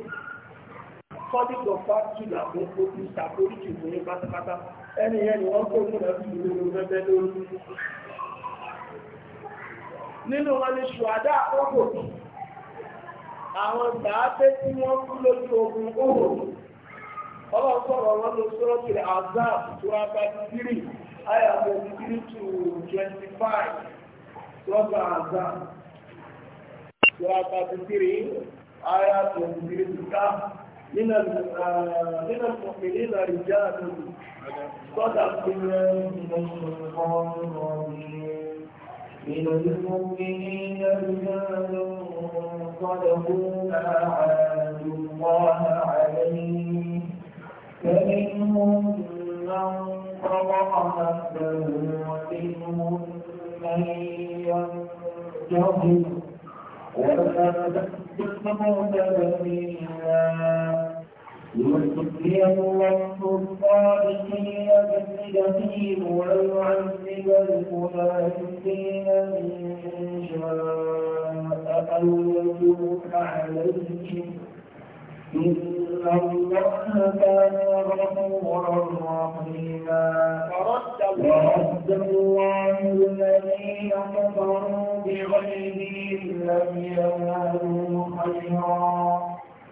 ìṣàkóríjì fún ní pátápátá ẹni yẹn ni wọ́n kó ìlú lórí nínú wọn ni àwọn tí wọ́n kú lójú ogun ọlọ́sọ̀rọ̀ wọn azab tó sọ́tà àzá sọ́tà thirty three àyà twenty three to ká nínú nínú nínú ìjà àtúntò sọ́tà tìrẹ̀ من المؤمنين رجال صدقوا ما عاهدوا الله عليه فمنهم من قضى نفسه ومنهم من يرجو ولا تستقموا تبديلا يؤتي الله الصالحين بالسجن ويعذب المنافقين إن شاء أو يتوب عليهم إن الله كان غفورا رحيما ورد الله الذين كفروا بغيظهم لم ينالوا خيرا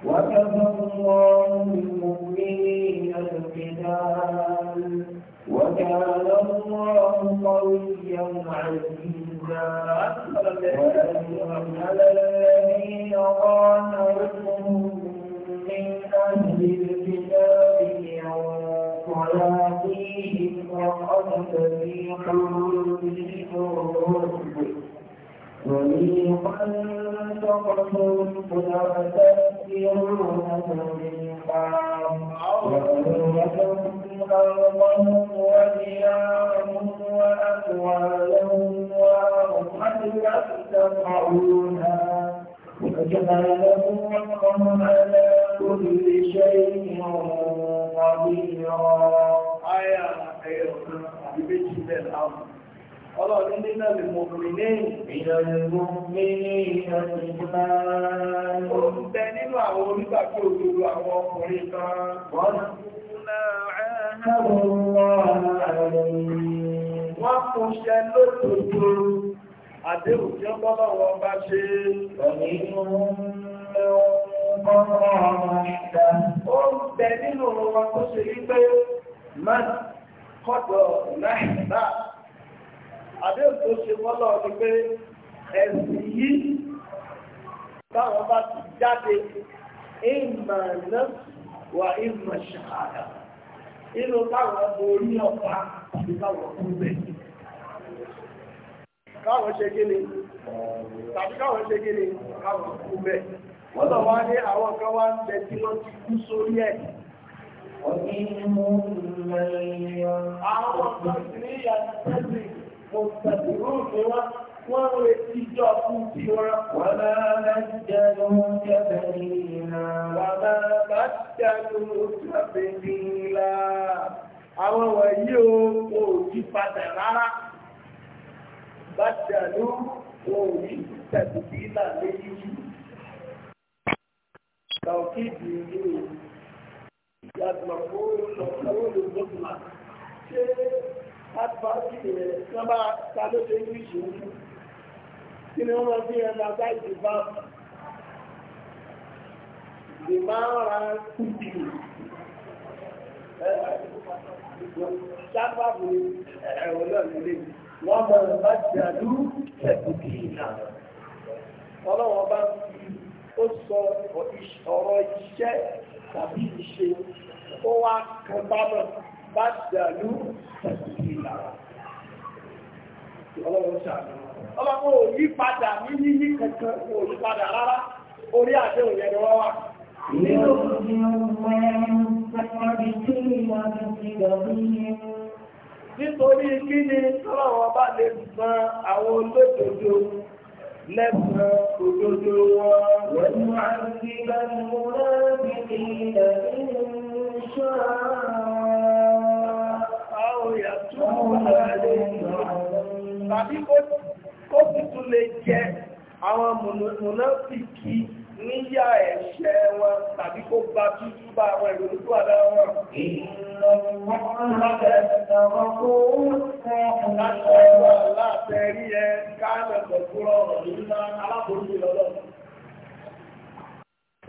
وكفى الله المؤمنين القتال وكان الله قويا عزيزا وأنزل الذين ظاهرهم فريقا تقتلون وتأسيرون فريقا وأولكم أرضهم وديارهم وأموالهم وأرضا تفرحونها وجعل لكم على كل شيء قديرا آية خير بمثل الأرض ọlọ́run nínú ìmọ̀kùnrin lẹ́yìn ìrọ̀lẹ́gbọ́n mẹ́rin ọ̀sìnkúnlá ó ń bẹ nínú àwọn onígbàgbé òjòrò àwọn ọkùnrin kan wọ́n kò ṣẹ lótòtò àdéhùn tí ó bọ́lọ̀ wọn bá ṣe wípé mẹ́rin kọ́dọ̀ láìpẹ́ àdéhùn tó ṣe mọ́lọ̀ ni pé ẹ̀sìn yìí táwọn bá ti jáde ìmọ̀ náà wà ìmọ̀ ṣàkàdà inú táwọn ọmọ orí ọ̀pá àti táwọn ọmọ ọ̀pẹ́. Káwọn ṣe gíní, tàbí káwọn ṣe gíní, káwọn ọmọ ọ̀pẹ́. Wọ́n lọ wá ní àwọn kan wá ń bẹ tí wọ́n ti kú sórí ẹ̀. Ọ̀gbìn mú ìrìn àwọn kan sí ìyàtọ̀ mo tẹ̀sí rúùn fún wa wọ́n ń retí jọ fún tí wọ́n. wọ́n máa ń jẹ́ lóun jẹ́bẹ̀ nìyína wọ́n máa bá jẹ́ lóun jẹ́bẹ̀ nìyína. àwọn wọ̀nyí o kò yí padà rárá. bá jẹ́ lóun kò yí tẹ̀sí sílà léyìí. توكيد يجوز يضمحون وقول láti bá sí ìrẹ̀lẹ̀ tí wọ́n bá ta ló ṣe english òun kí ni wọ́n máa fi ẹ̀rọ àgbá ìdìbò ìdìbò ara kùkì sábàbù ẹ̀rọ náà nílé wọ́n máa bá jàdú ẹ̀kùkì náà ọlọ́wọ́n bá ó sọ ọ̀rọ̀ iṣẹ́ tàbí ìṣe ó wá kan bá bá jàdú ẹ̀kùkì ọlọ́run ṣàánú ọlọ́run ò yí padà ní yíyí kankan kò yí padà nítorí kí ni ọlọ́run bá lè san àwọn olódodo lẹ́sàn òdodo wọn lẹ́nu àti tàbí kó sì tún lè jẹ àwọn mùnáfíkì níyà ẹ̀ṣẹ̀ wọn tàbí kó bá tútù bá àwọn ìròyìn tó wà lára wọn. Látẹ̀rí ẹ káàmẹ̀ pẹ̀kúrọ̀ nígbà aláborí lọ́lọ́.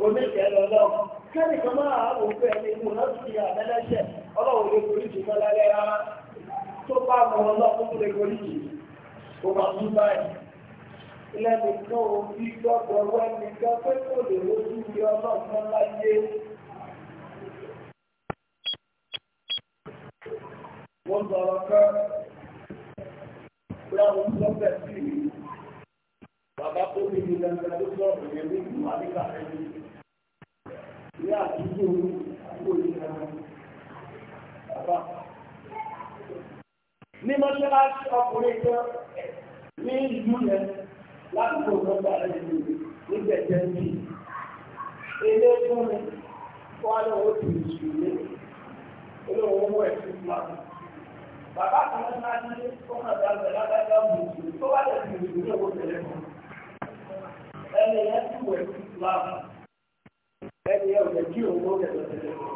Oníkẹ́ lọ́lọ́. Kẹ́rì kan máa ẹni mú láti fi àbẹ́lẹ́ṣẹ̀ ọlọ́run lè forí mọ́ lálẹ́ rárá. Tó bá mọ̀ ọlọ́run lè forí tó bá mú báyìí lẹ́nìkan ò fi gbọ́dọ̀ wẹ́ nìkan pé kò lè lójú bí ọlọ́ọ̀kan láyé. wọ́n sọ̀rọ̀ kán láwọn sọ́fẹ̀ sí i bàbá tó ní ìlú ẹgbẹ́ tó sọ̀rọ̀ yẹn ní ìlú àdìgbà rẹ̀ ní àdúgbò àdúgbò yìí kan bàbá ní mọ́ṣáláṣí ọkùnrin kan ní ìlú yẹn lásìkò lọ́gbà ìlú ní gbẹ̀jẹ̀ ní ilé fún mi wọ́n á lọ́wọ́ tó ìṣù ilé olówó owó ẹ̀sìn máa bàbá kan ní máa ní fún àgbàgbẹ̀ lágbàgbà mùsùlùmí tó wà lẹ́sìn mùsùlùmí owó tẹ̀lé kan ẹni yẹn ti wẹ̀ sí Islam ẹni yẹn ò lè kí òun ó lè lọ tẹ̀lé kan.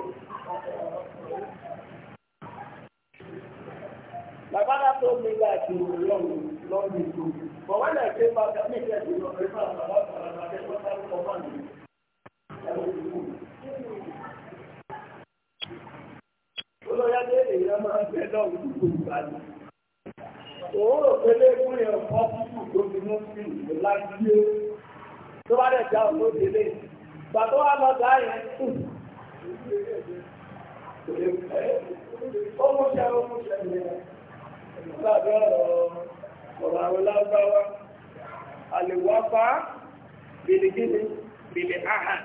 My father told me that he was young, long ago. But when I came back, I made that he was very fast about and I kept on for money. Olóyájé èèyàn máa ń fẹ́ lọ́wọ́ gbogbo ìgbà ni. Òun rò pé léegun yẹn kọ́ púpù tó fi mú sí ìlú láyé. Tó bá dẹ̀ já òun ló délé. Ìgbà tó wá lọ dá yẹn kù. Ó mú ṣe ó mú ṣe ìlera. láàbí ọ̀rọ̀ ọ̀rọ̀ àwọn lágbáwá àlèwáfá bìlìgìlì bìlì àhà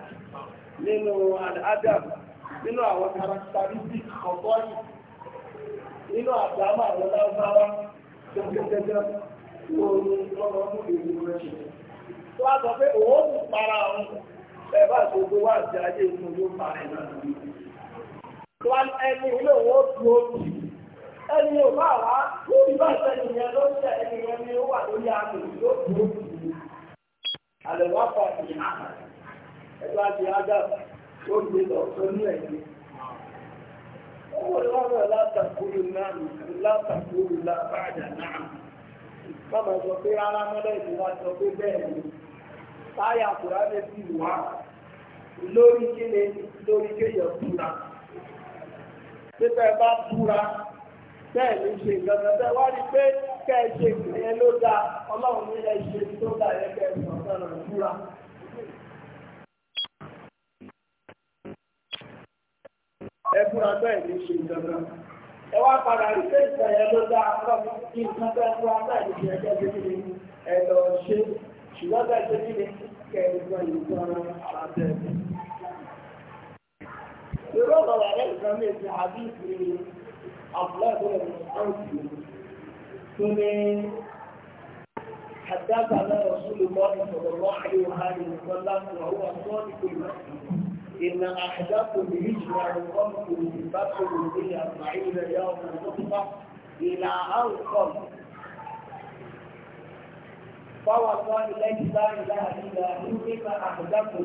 nínú adam nínú àwọn karakitaristik ọ̀pọ̀ yìí nínú àdámà àwọn lágbáwá jẹ́jẹ́jẹ́jẹ́ lóòrùn ọ̀rọ̀ ọdún ìlú rẹ̀ ṣe. tó a sọ pé òun ti para àwọn ẹ̀bá àgbègbè wà sí yóò náà. tó a ẹni ilé òun ó ẹni yóò bá wa tó ní bá sẹ́ni yẹn ló ń tẹ ẹni yẹn ní wà lórí àmì yóò tó ó kù ní. àlẹ́wà pa ìyá ẹgbẹ́ àti ajá gbé lọ tó ní ẹ̀yìn. owó lọ́rọ̀ náà náà. bàbá sọ pé rárá mọ́lẹ́ sọ pé bẹ́ẹ̀ ni táyà wá lórí lórí bá bẹ́ẹ̀ ló ṣe ìgbàgbọ́ bẹ́ẹ̀ wá rí pé kẹ́ ẹ ṣe ìpìlẹ̀ ló dáa ọlọ́run ní ẹ ṣe tó dáa yẹ kẹ́ ẹ sọ̀tàn rẹ̀ fúra. ẹ fúra bẹ́ẹ̀ ló ṣe ìgbàgbọ́ ẹ wá padà rí pé ìpìlẹ̀ ló dáa ọlọ́run bẹ́ẹ̀ ló ṣe ẹjẹ́ bí mi ẹ lọ ṣe ṣùgbọ́n bẹ́ẹ̀ ṣe bí mi kẹ́ ẹ gbọ́ ìgbọ́n abdullahi ọ̀sì tó ní àdáta náà rọ̀súlù mọ́rin sọ̀rọ̀ lọ́hàrí wàhálì nìkọ́lá wàhúwà sọ́ọ̀dì pé إن أحدكم يجمع الخمس بالبشر به أربعين يوما نطفة إلى أرقم فوالله الذي لا إله إلا هو إن أحدكم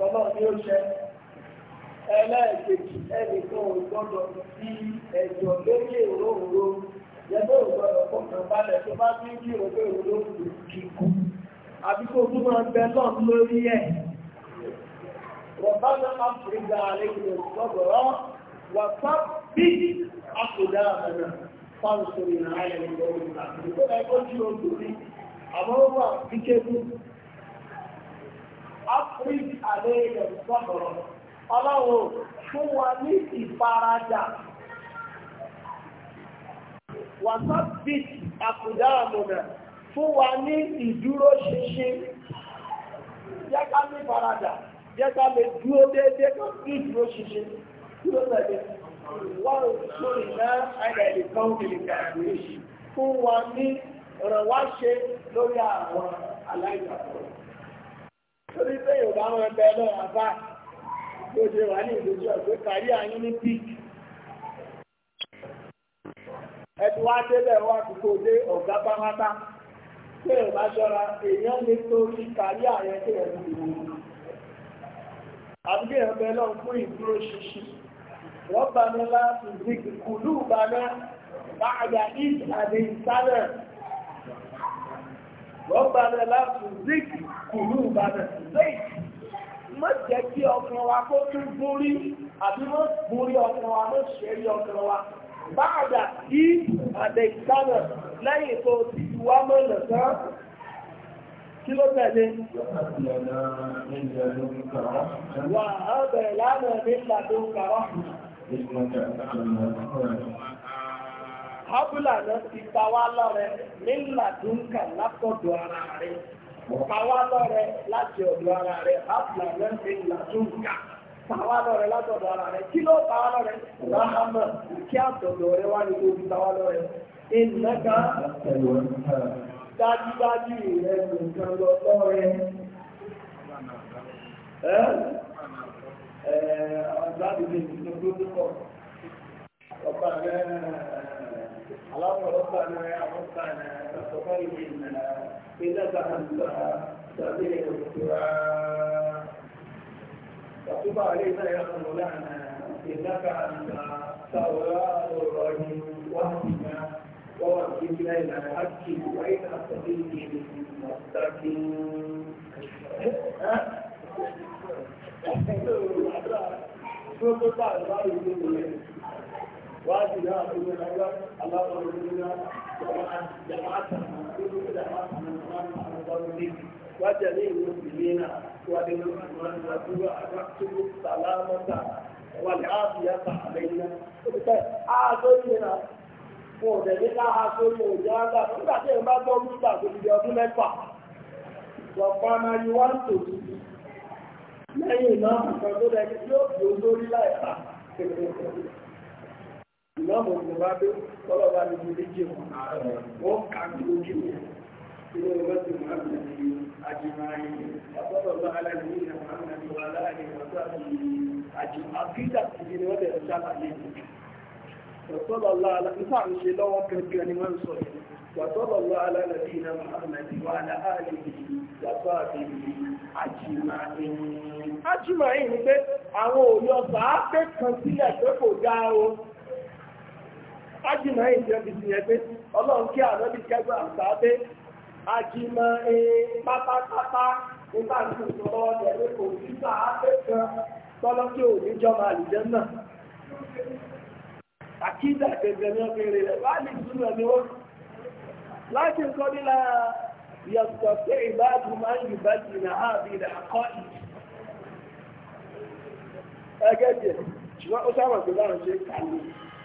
tọ́lọ́ ní ó ṣẹ ẹlẹ́ẹ̀kejì ẹnìkan ò gbọ́dọ̀ sí ẹ̀jọ̀ lórí òróòró yẹtọ́ ò gbọ́dọ̀ fọkàn balẹ̀ tó bá ti ń kí òwe òróòró kíkú àbí kó tún máa bẹ lọ́n lórí ẹ̀ rọ̀bánà áfíríkà àlejò gbọ́dọ̀ wà fá bí àkùdá àmàna fáwọn sórí ìrìn àyẹ̀wò ìgbọ̀wọ̀ ìgbà àmọ́ wà kíkẹ́ fún afrik àlẹ́yẹ sọ́dọ̀rọ̀ ọlọ́run fún wa ní ìfaradà wasapit àkùdá àmọ̀nà fún wa ní ìdúró ṣinṣin jẹ́ ká ní ìfaradà jẹ́ ká lè dúró déédéé ká ní ìdúró ṣinṣin dúró tẹ̀lé wọ́n lórí náà ẹ̀rẹ̀ ìkan òkèlè fún wa ní ọ̀rọ̀ wá ṣe lórí àwọn aláìsàkọ̀ọ́ torí pé yorùbá wọn ẹgbẹ́ náà àbá ló ṣe wà ní ìdójú ọ̀gbẹ́ kárí àyín ní pík ẹtù wá délẹ̀ wá kókó dé ọ̀gá pátápátá pé yorùbá ṣọ́ra èèyàn lè torí kárí àyẹ tó yẹ kó wù ú àbúgbé ẹgbẹ́ náà fún ìdúró ṣinṣin rọ́bà ńlá ìdíkùlù bàbá bàbá ìdí àdéhùn sálẹ̀ rọ́bàdà láti zik kùlù ìbàdàn zik má jẹ́ kí ọkàn wa kó tún borí àbí má borí ọkàn wa má ṣẹ́rí ọkàn wa báàdà kí àdè ìtànà lẹ́yìn tó ti ju wá mọ́nà tán kí ló tẹ̀lé wà á bẹ̀rẹ̀ lánàá nígbà tó kàwá hábùlà náà ti pa wá lọ́rẹ nílà dúnkà látọ̀dọ̀ ara rẹ̀ pa wá lọ́rẹ láti ọ̀dọ̀ ara rẹ̀ hábùlà náà ti là dúnkà pa wá lọ́rẹ látọ̀dọ̀ ara rẹ̀ kí ló pa wá lọ́rẹ ráhámà kí àtọ̀dọ̀ rẹ̀ wá ní ojú pa wá lọ́rẹ ìnáka dájúdájú rẹ̀ nìkan lọ lọ́rẹ. Ọ̀gá àdìgbò ìgbìmọ̀ tó dúkọ̀ ọ̀pá rẹ̀ اللهم ربنا يا ربنا تقبل منا انك انت سميع الدعاء وتب علينا يا مولانا انك انت تواب الرحيم واهدنا ووفقنا الى الحق والى الطريق المستقيم Gbogbo bá àgbáyé ló ń lè. واجنا أقول لك الله ربنا جمعتنا ala على ضروري وجميع المسلمين وللمؤمنين وتوى نكتب السلامة والعافية علينا آتينا Wọ́n ò tẹ̀lé káà sórí òjò tí ẹ̀ bá gbọ́ nígbà tó di ọdún mẹ́fà. Lọ̀pọ̀ máa yí wá ń tòjú. Lẹ́yìn náà, nǹkan tó dẹni tí ó fi ìlọ́mù ìgbàgbé tọ́lọ́bà ní méjì wọn kà ní ojú wọn ilé ọgbẹ́ tí wọ́n ń bí àjìmáyé ọ̀pọ̀lọpọ̀ aláìní ìrìnàmọ́ àwọn aláìní ọ̀sán àjì àkídà ti ní wọ́n bẹ̀rẹ̀ sábàlì ọ̀pọ̀lọpọ̀ aláìní ìṣe lọ́wọ́ kẹ́kẹ́ ni wọ́n ń الله على نبينا محمد وعلى آله وصحبه أجمعين أجمعين pé àwọn òyọ́ sàápẹ́ kan sílẹ̀ pé kò dáa o ájìmọ̀ èyí tí ó nke tìyẹ pé ọlọ́run kí ànábì kẹgbẹ́ ajima ájìmọ̀ èyí pátápátá nígbà tí ó na lọ́wọ́ tẹ̀lé kò sí sàábẹ́ kan tọ́lọ́ kí ò ní jọmọ àlùjẹ́ náà. àkídà gẹ́gẹ́ ní ọkùnrin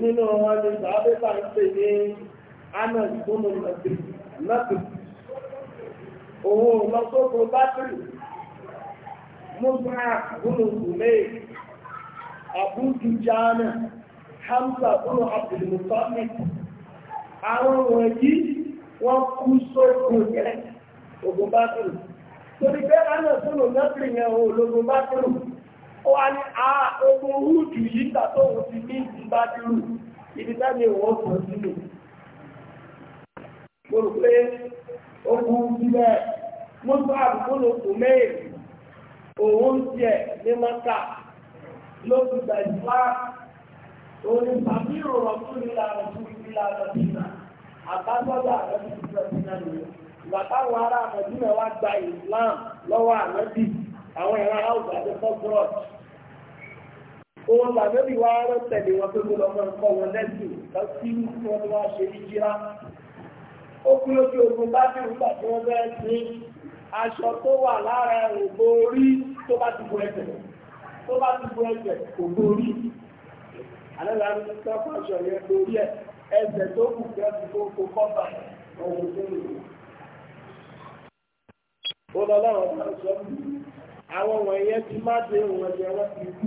nínú wọn ni sàábẹ́bà ń pè ní anas gbọ́nà nàbì òun ò lọ sóko bátìrì musa gbọ́nà sùlẹ̀ àbújú jáánà hamza gbọ́nà abdulmutali àwọn wọ̀nyí wọ́n kú sóko yẹn ogun bátìrì torí pé anas gbọ́nà yẹn ò lógun bátìrì ó wá ní a ogun húdù yìí gbà tó ti ní ìgbà dúró ibi tẹ́lẹ̀ ìwọ̀n sọ sílẹ̀ mo rò pé ogun sílẹ̀ mo sọ àbúkú ló mẹ́rin òun tiẹ̀ ní mọ́ta ló ti gbà ìfá òun ìfàmì ìrọ̀rọ̀ fún ìlànà fún ìlànà ìlànà àbábọ́dà àbẹ́bí ti sọ sí náà nìyẹn ìgbàtàwọn ará àmọ̀dúnmẹ̀ wá gba lọ́wọ́ òun làbẹ́bí wa rẹ̀ tẹ̀lé wọn pé kó lọ mọ́ nǹkan wọn lẹ́sìn ká sí wọn ni wọ́n ṣe ní jíra ó kú lójú ogun bá bí ìrúgbà tí wọ́n bẹ́ẹ̀ sí aṣọ tó wà lára ògbó orí tó bá ti bu ẹsẹ̀ tó bá ti bu ẹsẹ̀ ògbó orí alẹ́ la ń sọ fún aṣọ yẹn lórí ẹ̀ ẹsẹ̀ tó kù kí wọ́n ti kó kó kọ́ba ọ̀hún tó lò ó lọ́lọ́run ọ̀sán àwọn wọ̀nyẹn ti má dé òun ọ̀jẹ̀ wọn ti kú.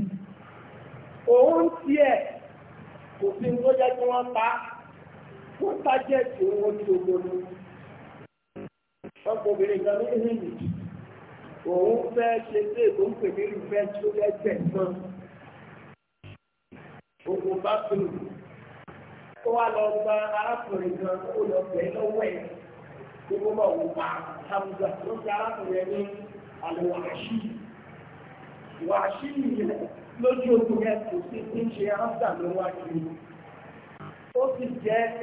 òun ti ẹ̀ kò sí tó jẹ́ kí wọ́n ta wọ́n ta jẹ́ tí wọ́n ti ògbóni. ọkọ̀ obìnrin kan ní ìhìnì òun fẹ́ ṣe sí ètò ń pè ní ìfẹ́ tí ó yẹ jẹ̀ náà. ògùn bá tún ó wá lọ gba arákùnrin kan ó lọ bẹ̀ẹ́ lọ́wọ́ ẹ̀ gbogbo bá wò pa hamza ló fi arákùnrin ẹni àlè wàásù wàásù yìí lójú ogun yẹn kò sí ti ń ṣe áńsà ló ó sì jẹ́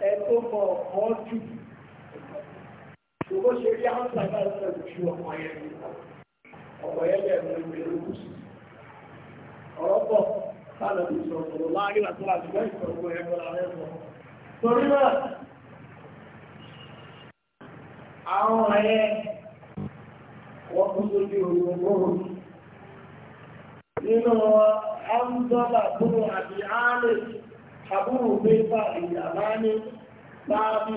ẹ tó mọ ọ̀pọ̀ jù ṣòwò ṣe rí áńsà náà sẹ́nu ju ọ̀pọ̀ yẹn ọ̀pọ̀ yẹn bẹ̀rẹ̀ ń bẹ̀rẹ̀ lókù sí ọ̀rọ̀ pọ̀ sálọ ní ìṣòro láàrin àti àjùmọ̀ ìṣòro ẹ̀kọ́ làwọn ẹ̀kọ́ torí náà àwọn ẹ̀ wọ́n kú sójú ogun gbòòrò nínú ọmọdọ́là búrú àti áàlè àbúrò pépà ìyàmá ní sáàbì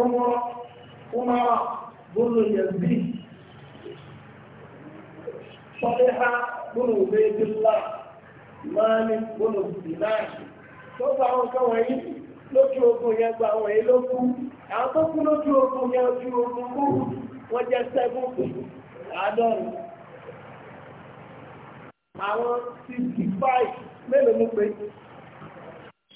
ọmọ ọmọrà búrú yẹ̀bí sọ́lẹ́há búrú pépìlá máa ní búrú ìnáàṣì tó gba àwọn kan wọ̀nyí lójú ogun yẹn gba àwọn èyí àwọn tó kú ogun yẹn ojú ogun kú wọ́n àwọn sixty five mélòó ló pé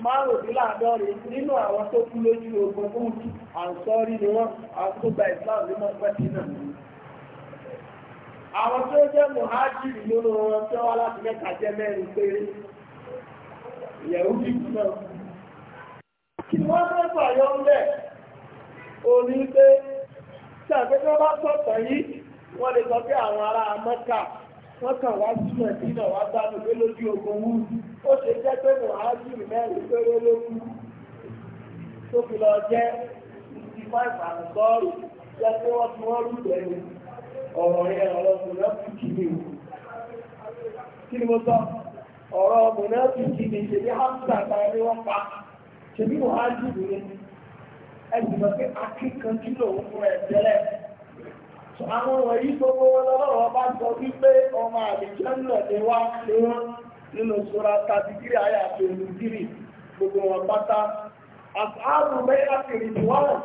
márùndínláàdọ́rin nínú àwọn tó kú lójú ogun búùtù àǹsọ́rí ni wọ́n àwọn tó gba Islam ní mọ́tẹ́tì náà àwọn tó jẹ́ mọ̀hájìrì nínú wọn tí wọ́n láti mẹ́ta jẹ́ mẹ́rin péré ìyẹ̀wò bíbí náà kí wọ́n fẹ́ fàyọ ńlẹ̀ òní pé tí àgbẹ̀tọ́ bá sọ̀tọ̀ yìí wọ́n lè sọ pé àwọn ará Mẹ́kà wọ́n kàn wá sí ẹ̀dínà wá dánú pé lójú ogun wú ó ṣe jẹ́ pé mùhàjírì mẹ́rin péré ló kú tó fi lọ jẹ́ sixty five and sorry jẹ́ pé wọ́n fi wọ́n rú pẹ̀lú ọ̀rọ̀ yẹn ọ̀rọ̀ mùnáfíkì ni o kí ni mo sọ ọ̀rọ̀ mùnáfíkì ni ṣèlú hamsa kan ni wọ́n pa ṣèlú mùhàjírì ni ẹ̀sìn lọ pé akíkanjú lòun fún ẹ̀ tẹ́lẹ̀ àwọn wọ̀nyí tó gbówó lọ́wọ́ bá sọ wípé ọmọ àlìjẹ́ ńlẹ̀ ni wá ní wọ́n nínú sọ́ra tàbíkiri àyà tó lù gírì gbogbo wọn pátá asáàbù mẹ́ta kiri wọ́n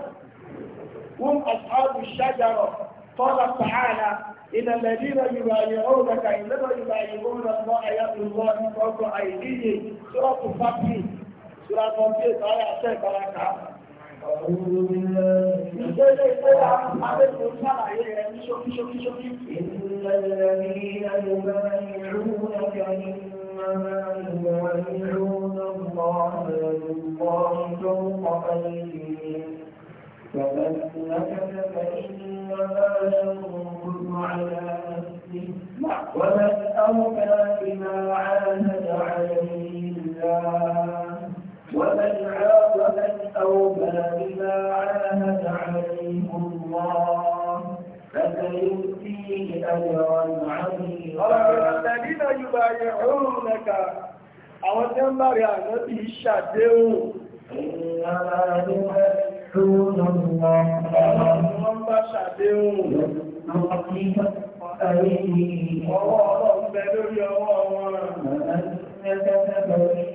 wọ́n asáàbù ṣájàrọ̀ tọ́lá sàárà إن الذين يبايعونك إنما يبايعون الله يد الله فوق أيديهم سورة الفتح سورة الفتح آية 10 أعوذ بالله إن الذين يبايعونك إنما يبايعون الله الله فوق أيديهم فمن نكث على نفسه ومن أوفى بما عاهد عليه الله ومن عاق من أوبى بما عاهد عليه الله فسيؤتيه أجرا عظيما يبايعونك أو تنبغي أن به الشاذ الله من بشاذ وقيمة أيديه ووضع بدر يوما فأنت تتبين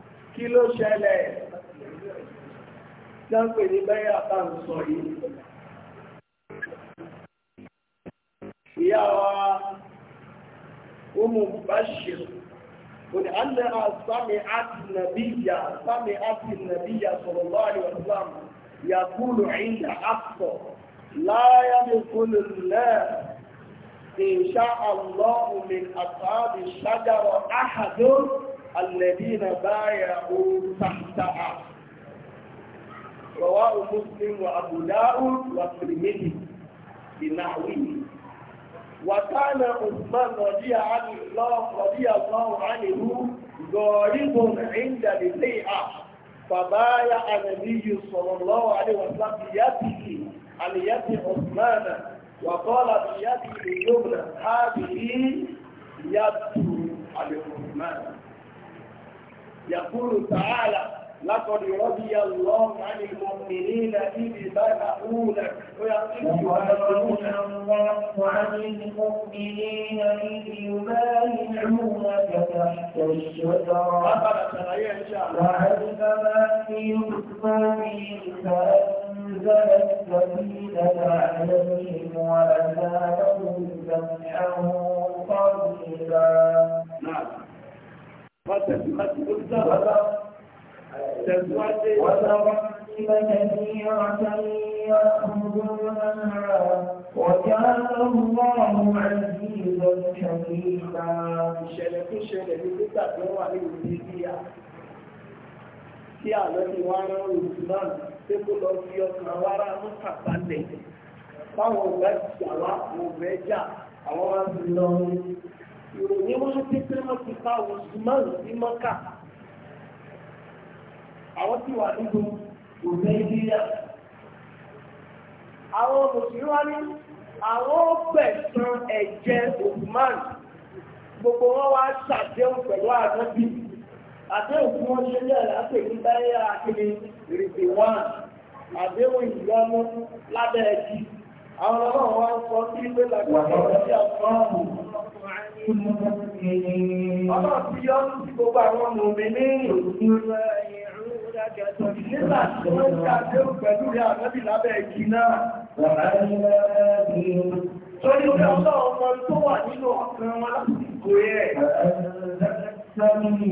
kí ló ṣẹlẹ̀ jáǹpẹ̀ ní bẹ́yà bá ń sọ yìí ìyá wa umu bashir òní àná àsámi àti nàbíyà sámi àti nàbíyà sallallahu alaihi wasallam yaqulu inda Hafsa la yadkhulu an-nar in sha'a Allahu min ashabi shajara ahadun الذين بايعوا تحتها رواه مسلم وابو داود والترمذي بنحوه وكان عثمان رضي الله رضي الله عنه غالب عند البيعه فبايع النبي صلى الله عليه وسلم بيده عن يد عثمان وقال بيده اليمنى هذه يد عثمان يقول تعالى لقد رضي الله عن المؤمنين إذ بدأوا لك ويقولون الله عن المؤمنين إذ يبايعونك تحت الشجرة وعلم ما في قلوبهم فأنزل السبيل عليهم وأزالهم فتحا قريبا نعم وتسمت كل تزوج وتركب كثيرة يأخذونها وكان الله عزيزا حكيما. ìṣẹ̀lẹ̀ tó ṣẹlẹ̀ ní títà tó wà ní nàìjíríà tí àlọ́ ti wá rán olùsùnmọ́n pé kó lọ fi ọkàn wára mọ́kàtà lẹ̀. báwọn ọ̀gá ti jà wá àwọn ọ̀gá jà àwọn wá ti lọ ìròyìn wọn ti pé wọn ti pa Usman sí mọ́kà àwọn ti wà nínú Nàìjíríà àwọn mùsùlùmí wá ní àwọn gbẹ̀sán ẹ̀jẹ̀ Usman gbogbo wọn wá ṣàdéhùn pẹ̀lú àdọ́bí àdéhùn tí wọ́n ṣe ní ẹ̀rọ àpè ní báyà akéde rìbì wọn àdéhùn ìyọnu lábẹ́ ẹ̀jì àwọn ọlọ́run wá sọ sí pé lágbàtọ̀ sí àfọ́nù ọlọ́run tí yọ́ sí gbogbo àwọn ọmọ mi ní ìròyìn Nígbà tí wọ́n ń ṣàdé pẹ̀lú rẹ̀ àmẹ́bì lábẹ́ ìkì náà, torí pé ọlọ́run mọ́ tó wà nínú ọkàn wọn lásìkò yẹ. Ọlọ́run tí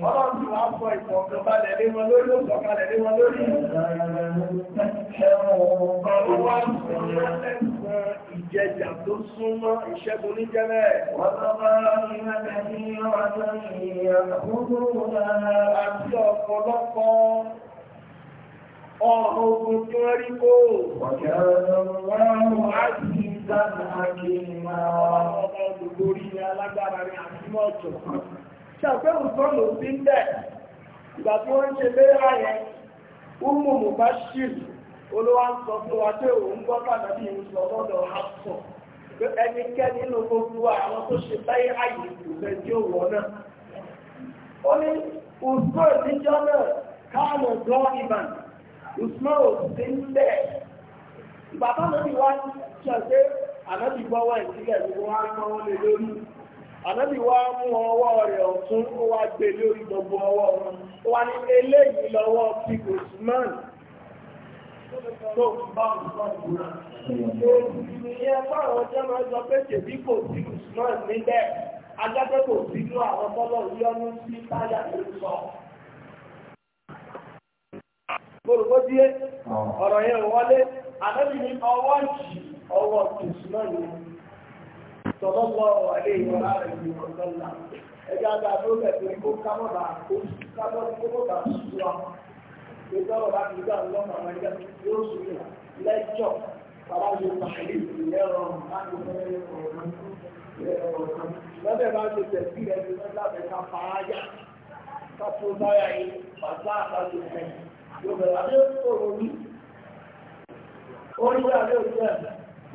wọ́n fọ́ ìfọ̀kànbalẹ̀ lé wọn lórí, ó sọ̀kalẹ̀ lé wọn lórí. Ọlọ́run wá ń sọ lẹ́sàn ìjẹjà tó súnmọ́ ìṣẹ́gun ní jẹ́lẹ̀. Wọ́n ọ̀rọ̀ ogun tí wọ́n rí kó ìgbà ń sọ fún wa pé òun gbọ́ pàtàkì ìrùsọ̀ lọ́dọ̀ hapsọ̀ pé ẹnikẹ́ni nínú gbogbo àwọn tó ṣe báyé àyè ìgbẹ́ tí ó náà ó ní ìdíjọ́ náà Usman ò sí níbẹ̀. Ìgbà táwọn ti wá ṣe pé ànábì gbọ́wọ́ ìsílẹ̀ ni wọ́n á mọ́ wọn lé lórí. Ànábì wá mú ọwọ́ rẹ̀ ọ̀tún ó wá gbé e lórí gbogbo Usman. sọ. gbogbogbòdì ọ̀rọ̀ yẹn wọlé ànábì ní ọwọ́ jì ọwọ́ tùsùnà ni tọ́lọ́gbọ́ ọ̀rẹ́ ìwọ̀lá rẹ̀ ní ọ̀dọ́là ẹgbẹ́ àgbà tó bẹ̀rẹ̀ kó kámọ́bà kó kámọ́bà sùúrà gbogbo ọ̀rọ̀ bá ti gbà lọ́mọ àwọn ẹgbẹ́ yóò sùn ní lẹ́jọ́ bàbá yóò pàṣẹ ìlẹ̀ ọ̀rọ̀ láti fẹ́ ọ̀rọ̀ yóò bẹ̀rẹ̀ adé òun ní orí adé òun náà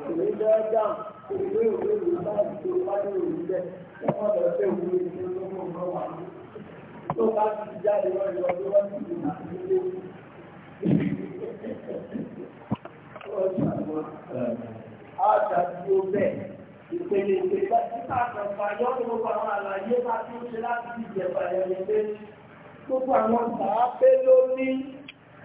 òun ní bẹ́ẹ̀ dáhùn òun ní òun ní òun náà ti tó wájú òun bẹ́ẹ̀ wọ́n bẹ̀rẹ̀ pé òun ní ìṣẹ́ tó mọ̀ nǹkan wà ní. tó bá ti gbogbo àwọn àlàyé pé ló ní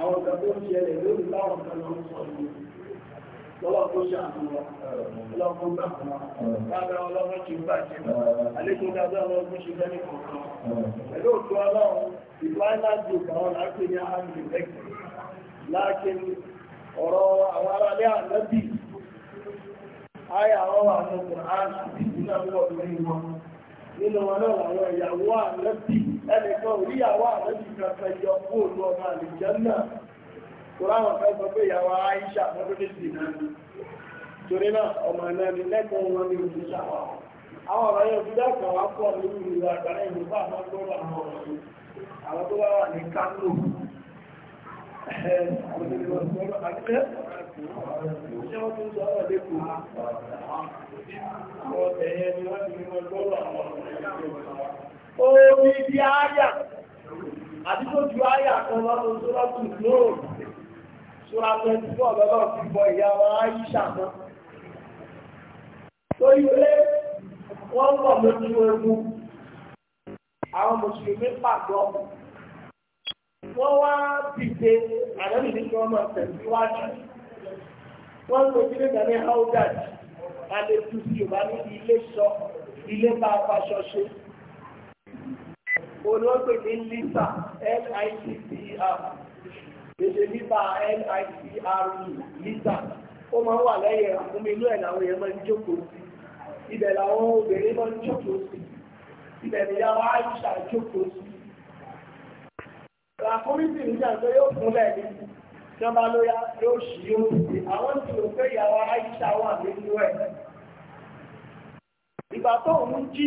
àwọn kan tó ń ṣẹlẹ̀ lórí táwọn kan lọ sọ ní lọ́wọ́ tó ṣàánú wa lọ́wọ́ gbà fún wa lábẹ́ ọlọ́wọ́ ti gbà jẹ́ àlékún dáadáa ọlọ́wọ́ tó ṣe lẹ́nu kọ̀ọ̀kan pẹ̀lú òtú ọlọ́run ìfáìlá jù àwọn láti ní àmì ìrẹ́kì láàkín ọ̀rọ̀ àwọn aráalé ànábì ẹnìkan oríyàwó àlẹ́bì kankan yọ fóònù ọmọ àlìjẹ́ náà tó láwọn kan sọ pé ìyàwó Aisha mọ́tòdésì náà torí náà ọmọ ẹ̀nà ni àwọn ọ̀rọ̀ yẹn fi dákọ̀ wá omi di áyà àti tó ju kan lọ́dún sórọ́tù lóòrùn sóra twenty four lọ́dọ̀ bọ ìyá wa Aisha kan torí pé wọ́n ń Awọn lójú ogun àwọn mùsùlùmí wá dìde àdánù ní kí máa lo sọ ilé bá a faṣọ olóògbé ní lítà litr gbèsè lítà litr e, lítà ó máa ń wà lẹ́yìn àkúnmí inú ẹ̀ làwọn èèyàn máa ń jókòó sí ibẹ̀ làwọn obìnrin máa ń jókòó sí ibẹ̀ ni yàrá àìsà jókòó sí. àkúnmí sì ní sàn pé yóò fúnlẹ̀ ní tí wọ́n bá lóyá yóò ṣí yóò sí àwọn tí ò pé yàrá àìsà wà nínú ẹ̀. ìgbà tó ń jí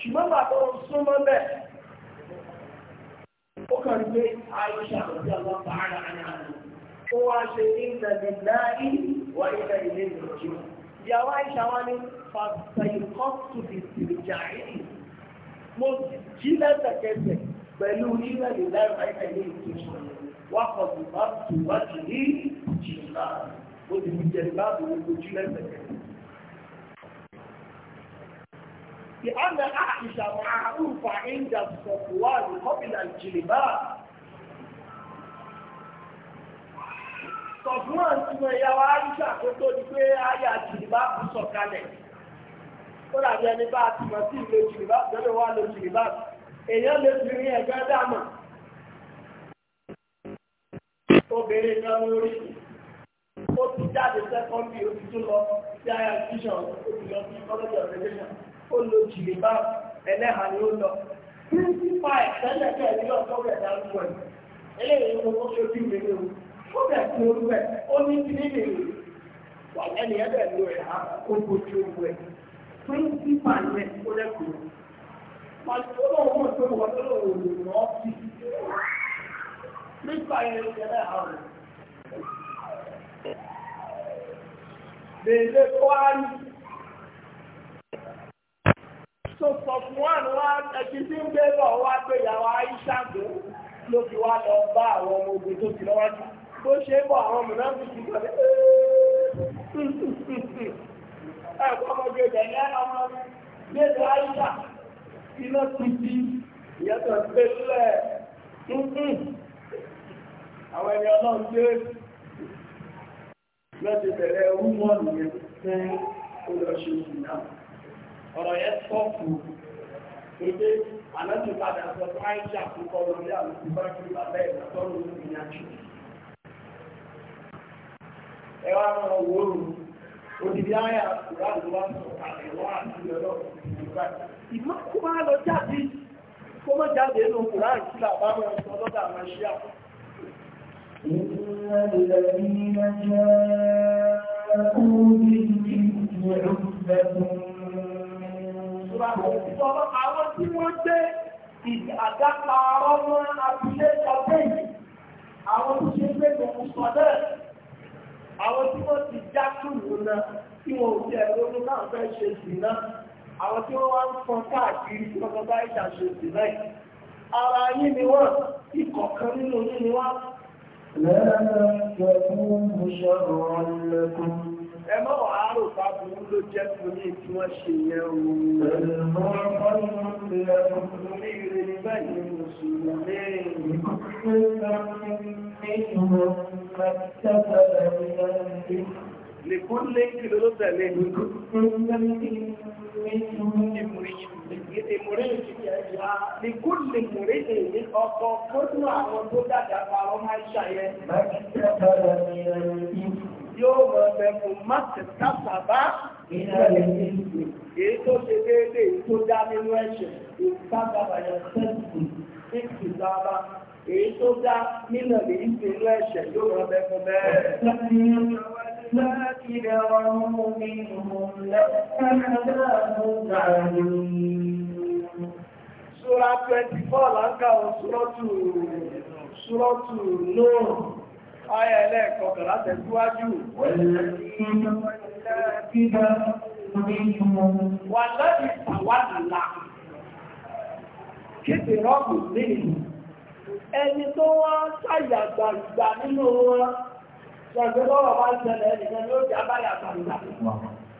ṣùgbọ́n bàbá òun súnmọ́ bẹ́ẹ̀ ó kàn gbé àìṣà àti àwọn bàárà náà ó wá ṣe ìlẹ̀ nìláì wà ilẹ̀ ilé ìrọ̀jú ìyàwó àìṣà wá ní fàṣẹyìnkọ́tù ìsìnjà yìí mo jí wà ilẹ̀ ilé ìrọ̀jú wákọ̀tù bá tù ní jìnnà ó ti fi jẹ̀rì báàbò ní ojú lẹ́sẹ̀kẹsẹ̀. bí a na àìsà màrúfà ìjà sọ̀kùwà ní kọ́bìlà jìlìbá. Sọ̀kùwà ti mọ ìyàwó àìsà tó tó di pé àyà jìlìbá kù sọ̀kalẹ̀. Ó dàbí ẹni bá a ti mọ̀ sí ìlú jìlìbá, ìjọba wa lo jìlìbá. Èèyàn lè fi rí ẹ̀gbẹ́ dàmọ̀ obìnrin náà lórí ó ti jáde sẹ́kọ́ndì ó ti tún lọ sí ayé àtúnṣe ó ti lọ sí kọ́lọ́dì ọ̀rẹ́dẹ́sàn ó lo jìlì bá ẹlẹ́hà ni ó lọ pírísípà ìtẹ́lẹ̀ bẹ́ẹ̀ ní ọ̀tọ́ rẹ̀ dárúkọ ẹ̀ eléyìí ló kó ṣojú mi ní o ó bẹ̀ sí orú ẹ̀ ó ní kí nílé wà lẹ́nu ẹ̀ bẹ̀ lo ẹ̀ á kó bójú owó ẹ̀ pírísípà yẹn ó lẹ́kọ̀ọ́ pàṣẹ olóhùn mọ̀ tó wọ́n tó lò wọ́n ọ́fíì pírísípà yẹn ló yẹ lẹ́hà rẹ̀ bèèrè kọ́ So tó Sọ̀fúnwán wá ẹ̀jì tí ń gbé bọ̀ wá pé ìyàwó Aisha tó ló fi wá lọ bá àwọn ọmọ ogun tó ti lọ́wọ́jú. Bó ṣe bọ̀ àwọn mìíràn fi ti sọ̀rọ̀ ẹ̀kọ́ ọmọdé ìdẹ̀lẹ́ ọmọ gbèsè Aisha iná ti di ìyàtọ̀ pé lẹ̀ àwọn ẹni ọlọ́run gbé lọ́ti bẹ̀rẹ̀ orúmọ̀ nìyẹn fún olóṣèlú náà ọ̀rọ̀ yẹn tọ́pù pé àlọ́jù padà sọ fún àìsà púpọ̀ lórí àlùkù bá kí bàbá ẹ̀ lọ́tọ́rù ìrìnàjò. ẹ wá rán owó rò odidi ayé àkùrá ló wá sọ àlẹ́ wá àti ọlọ́ ìmọ̀ kó máa lọ jáde kó má jáde nínú kùrá àti bàbá wọn sọ lọ́dà máa ṣe àpò. إن الذين جاءوا بالإثم عقبة ìjọba àwọn tí wọ́n gbé àdápa ọmọ ti já kúrò náà tí wọ́n ò jẹ́ lórí náà fẹ́ ṣe sí náà àwọn tí wọ́n wá ń fọn káàkiri tí wọ́n bá ìjà sí náà ara yín ni wọ́n ìkọ̀kan nínú yín ni wọ́n. lẹ́yìn ẹ̀kọ́ fún ìṣòro ọ̀lẹ́kùn ẹ mọ́ wà á rò pa burú ló jẹ́ fún yín tí wọ́n ṣe yẹn o. ẹ̀rọ ọlọ́run ti ẹ̀rọ mi rè báyìí mùsùlùmí. Lèkún lé kìló ló tẹ̀lé. Lèkún lè múrí èyí ọkọ̀ fún àwọn tó dàgbà àwọn máa ń ṣàyẹ. Bẹ́ẹ̀ni, yóò mọ̀ ọ̀bẹ̀ fún máṣe kásábà ìṣẹ̀lẹ̀ èyí tó ṣe déédéé èyí tó dá nínú ẹ̀ṣẹ̀ ìkásábà yẹn sẹ́ẹ̀sì ìkìsábà èyí tó dá nínú èyí tó nínú ẹ̀ṣẹ̀ yóò mọ̀ ọ̀bẹ̀ fún bẹ́ẹ̀. لكن رموا منهم لكن عذاب عليم سورة 24 لك سورة سورة نور Ayẹ ẹlẹ́ẹ̀kọ̀kọ̀ láti ẹ̀síwájú. Wà lọ́dí tàwádìlá. Kéde rọ́pù nínú. Ẹni tó wá sáyà gbàgbà nínú wọn, ṣàgbẹ́lọ́wọ́ wá ń ṣẹlẹ̀ ẹnìkan ló jà báyà gbàgbà.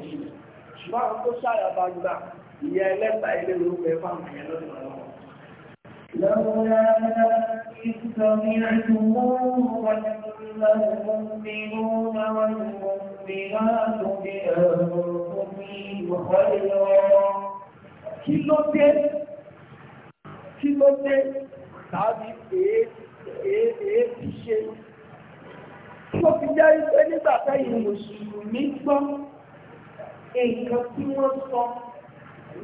méjì ṣùgbọ́n àwọn tó ṣàyà bá gbà ìyá ẹlẹ́ta ilé ló fẹ́ fáwọn ẹ̀yẹ lọ́dún ọlọ́wọ́. لولا إذ سمعتموه والمؤمنون والمؤمنات بأنفسهم خيرا kí ló dé kí ló dé tàbí èé ti ṣe tó fi jẹ́ ìpé nígbàtẹ́yìn mùsùlùmí gbọ́n nǹkan tí wọ́n sọ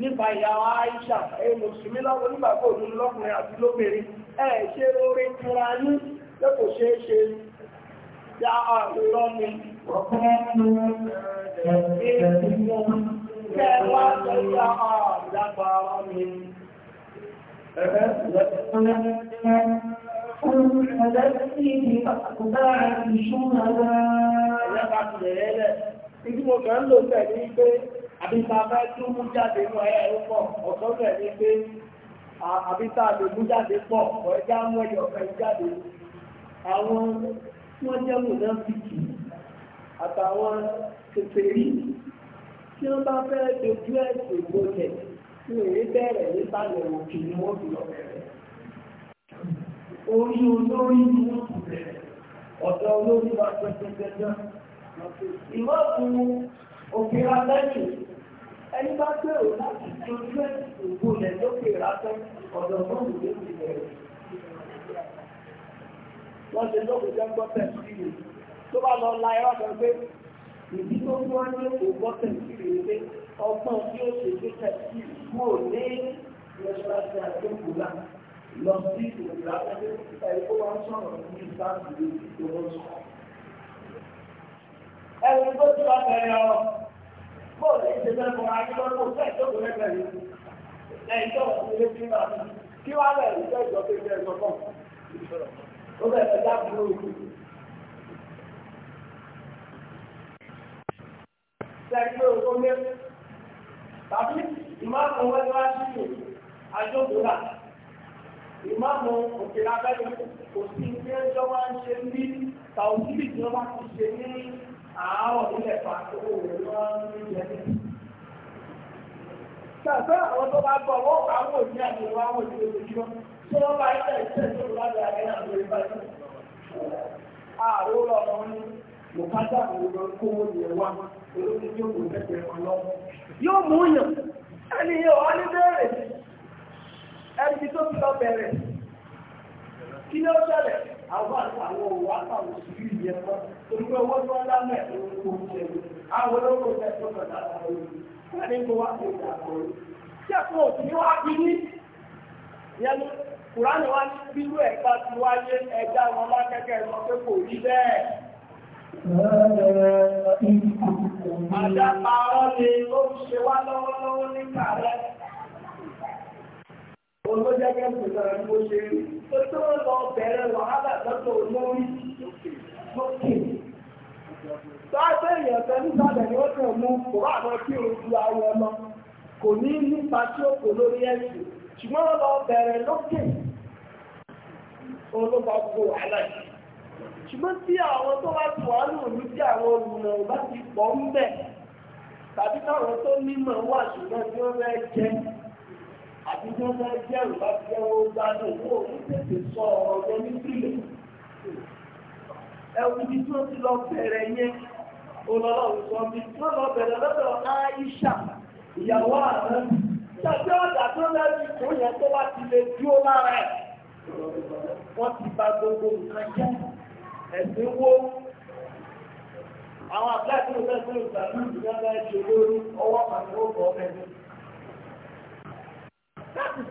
nípa ìyàwó Aisha ẹ mùsùlùmí lọ́wọ́ nígbàgbọ́ òun lọ́kùnrin àti lóbìnrin ẹ ṣe orí tura ní pé kò ṣeé ṣe ya ọ̀rọ̀ mi Kẹ́wàá sọ ìdí mo kàn ń lò bẹ̀ ní pé àbíta fẹ́ tún mú jáde mú ẹ̀yà ẹ̀rọ pọ̀ ọ̀tọ́ bẹ̀ ní pé àbíta lè mú jáde pọ̀ ọ̀ẹ́já mú ẹ̀yọ̀ fẹ́ jáde àwọn tí wọ́n jẹ́ mú náà fi kì àtàwọn kékeré tí wọ́n bá fẹ́ dojú ẹ̀sìn gbọ́dẹ̀ tí èyí bẹ̀rẹ̀ nípa ìrẹ̀wò kì ni wọ́n fi lọ bẹ̀rẹ̀ orí olórí ni wọ́n fi bẹ̀rẹ̀ ọ̀dọ̀ olórí wa pẹ́pẹ́pẹ́ ìmọ̀kù òkè alẹ́yìn ẹni bá gbèrò láti dojú ìgbò lẹ̀ lókè rákẹ́ ọ̀dọ̀ mọ́ọ̀lù lókè bẹ̀rẹ̀. wọ́n ṣe lókè jẹ́ gbọ́tẹ̀ sílẹ̀ tó bá lọ la ẹ̀rọ kan pé ìdí tó fún wọn ní òkè gbọ́tẹ̀ sílẹ̀ pé ọgbọ́n tí ó ṣe gbé tẹ̀ sí kúrò ní ìrẹsọ́láṣẹ́ àdókòó náà lọ sí ìrẹsọ́láṣẹ́ àdókòó náà ẹni tó ti wá bẹ̀rẹ̀ ọ bóòlù ìṣe fẹ́ fún akíkọ́kọ́ fẹ́ tó kò lẹ́gbẹ̀ẹ́ yìí lẹ́yìn tó wọ́n ti lé sí náà kí wá bẹ̀rẹ̀ ìṣe ìjọ pé ìṣe ìjọ kan ó bẹ̀rẹ̀ dá dúró ìlú. sẹ́yìn ló kó lé tàbí ìmáàmù wẹ́n wá sí ìlú àjọkùnà ìmáàmù òkèlè abẹ́rẹ́ kò sí ilé ẹjọ́ wá ń ṣe ní tàwọn ìlú ìjọba ti ṣe ní àárọ̀ nílẹ̀ pa owó rẹ̀ tó wọ́n kà ní àti ní ojoojúmọ́ tí bá ilẹ̀ iṣẹ́ tó lọ́wọ́ láti náà lórí bá yìí. Ààrùn lọ lọ ní Mùkátà òwúrọ̀ kówó ní ẹ̀wà ní bẹ̀rẹ̀, ẹni tó ti lọ bẹ̀rẹ̀, àwọn àwọn òwò àtàwọn òṣìṣẹ́ yìí yẹn mọ́ torí pé owó tí wọ́n dá mẹ́ owó oúnjẹ ni àwọn olówó jẹ́ tó kọ̀ dáadáa lórí wọ́n ní kó wá sí ìjà àkọ́rí. tí ẹ̀kọ́ òsì ni wọ́n á bí ní yẹnu kùránì wá ní bílú ẹ̀ bá ti wáyé ẹja wọn lákẹ́kẹ́ wọn pé kò rí bẹ́ẹ̀. àdàpàrọ̀ ni ó ṣe wá lọ́wọ́lọ́wọ́ nípa rẹ̀ olójẹ́gẹ́ kò ní nípa tí ó kò lórí ẹ̀sìn ṣùgbọ́n ó lọ bẹ̀rẹ̀ lókè olóba gbogbo ṣùgbọ́n tí àwọn tó bá tù wá lò ní tí àwọn olùmọ̀ bá ti pọ̀ ń bẹ̀ tàbí táwọn tó nímọ̀ wà ṣùgbọ́n tí wọ́n fẹ́ jẹ́ àti tí wọ́n fẹ́ jẹ́rù bá ti jẹ́ wọ́n gbádùn owó ní tètè sọ ọ̀rọ̀ yẹn ní sílẹ̀. ẹ̀wù ibi tí wọ́n ti lọ bẹ̀rẹ̀ yẹn olọ́lọ́run sọ mi tí wọ́n lọ bẹ̀rẹ̀ lọ́dọ̀ Aisha ìyàwó àná tàbí ọ̀dà tó lẹ́yìn tó yẹ tó bá ti lè dúró lára ẹ̀. wọ́n ti bà gbogbo nǹkan jẹ́ ẹ̀sìn wó àwọn àbúrò àti òṣèlú ìgbàlú ìgbàlú ìṣòro ọwọ́ àti ó bọ̀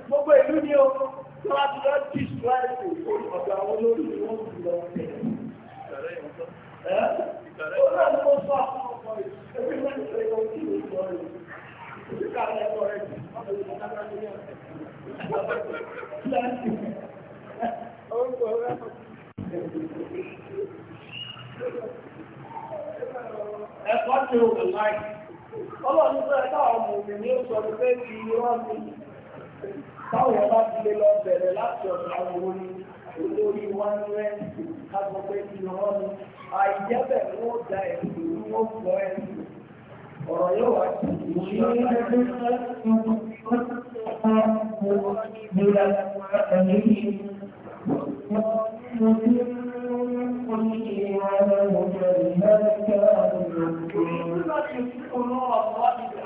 gbogbo ìlú ni o tí wọ́n ti lọ ti ṣíláìsì ọ̀dọ̀ àwọn olórí ni wọ́n ti lọ sí. ó náà ni mo sọ àwọn ọmọ rẹ̀ ẹbí mẹ́rin ṣe é lọ́wọ́ kí ló sọ rẹ̀ òbí ká lọ ẹ̀kọ́ rẹ̀ jù ọmọ ìlú kátà ní ẹ̀kọ́ tí o kò láì ọlọ́run sọ ẹ̀ka ọmọ òmìnir sọ pé kí wọ́n ti táwọn ọba ti lè lọ bẹ̀rẹ̀ láti ọ̀dọ̀ àwọn olórí olórí wọn ní rẹ́ǹtì kájọ pé kí wọ́n ní àìjẹ́bẹ̀ ni ó da ẹ̀sìn ní wọ́n sọ ẹ̀sìn ọ̀rọ̀ yóò wá sí ìlú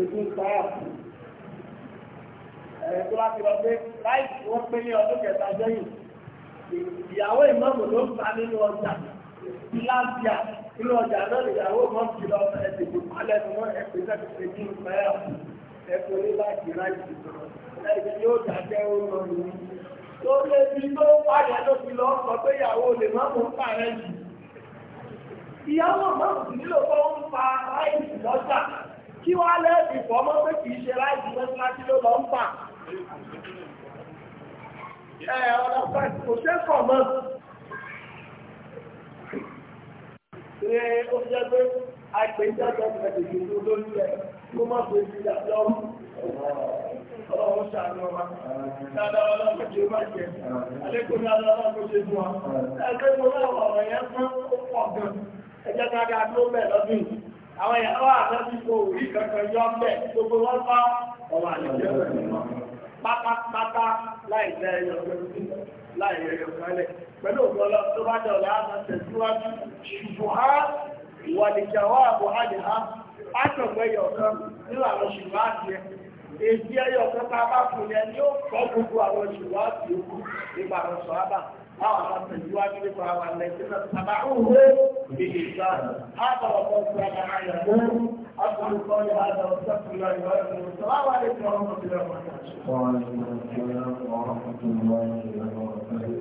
èdè sáàpù ẹ̀rẹ́ tó láti lọ pé láì wọ́n pé ní ọdún kẹta jẹ́yìn ìyàwó ìmọ̀mù ló ń ta nínú ọjà láàbíà nínú ọjà náà ìyàwó mọ̀ fi lọ ẹ̀sìn tó palẹ̀ nù mọ́ ẹ̀pẹ́ sẹ́kù pé kí n fẹ́ ẹ̀kọ́ ní láti ráì ẹ̀sìn yóò dájẹ́ ó lọ nìyí. tó lé bí tó pàdé ló fi lọ sọ pé ìyàwó lè má mú pàrẹ́ yìí. ìyàwó mọ̀ nílò kó ń fa láì lọ́jà kí wá lẹ́ẹ̀bì fọ́mọ́ pé kìí ṣe láìsí mọ́síláṣí ló lọ ń fà ẹ̀ ọ̀nà pẹ̀lú kò ṣe kọ̀ mọ́ ṣe ó jẹ́ pé àìpéjọ́jọ́ ìgbẹ̀dẹ̀gbẹ̀ tó lórí ẹ̀ kó má pè sí ìdájọ́ ọlọ́run ṣàánú ọmọ dáadáa ọlọ́run tí ó bá jẹ alẹ́kùn ní adáadáa tó ṣe fún ọ ẹgbẹ́ mo láwọn ọ̀rọ̀ yẹn fún ọ̀gàn ẹjẹ́ ká dáa tó bẹ̀ lọ́dún àwọn ìyàwó àtẹ́sí kò rí kankan yọ bẹ́ gbogbo wọn bá ọmọ àlejò pátápátá láì jẹ́ ẹyọ̀kẹ́ láì ẹyọ̀kẹ́lẹ̀ pẹ̀lú ògbọ́lọ́ tó bá jẹ́ ọ̀lá àwọn tẹ̀síwájú ṣùgbọ́n á ìwàlìjà wà àbò àdì á átọ̀gbẹ́ ẹyọ̀kan nínú àwọn ṣùgbọ́n àti ẹ èsì ẹyọ̀kan tá a bá fún yẹn ni ó kọ́ gbogbo àwọn ṣùgbọ́n àti òkú nípa àwọn sọ̀rọ̀ àwọn kan tẹ̀síwájú nípa àwọn àlẹ́sílẹ̀ sàbáhùn bí ìsáàlù. Hàbà ọ̀pọ̀ ìsáàlù àyàmú, àbúrú kọ́ ní àdá ọ̀sẹ́kùnlá ìwádìí ìsọ̀láwà lè fi ọmọ ìlú ọmọ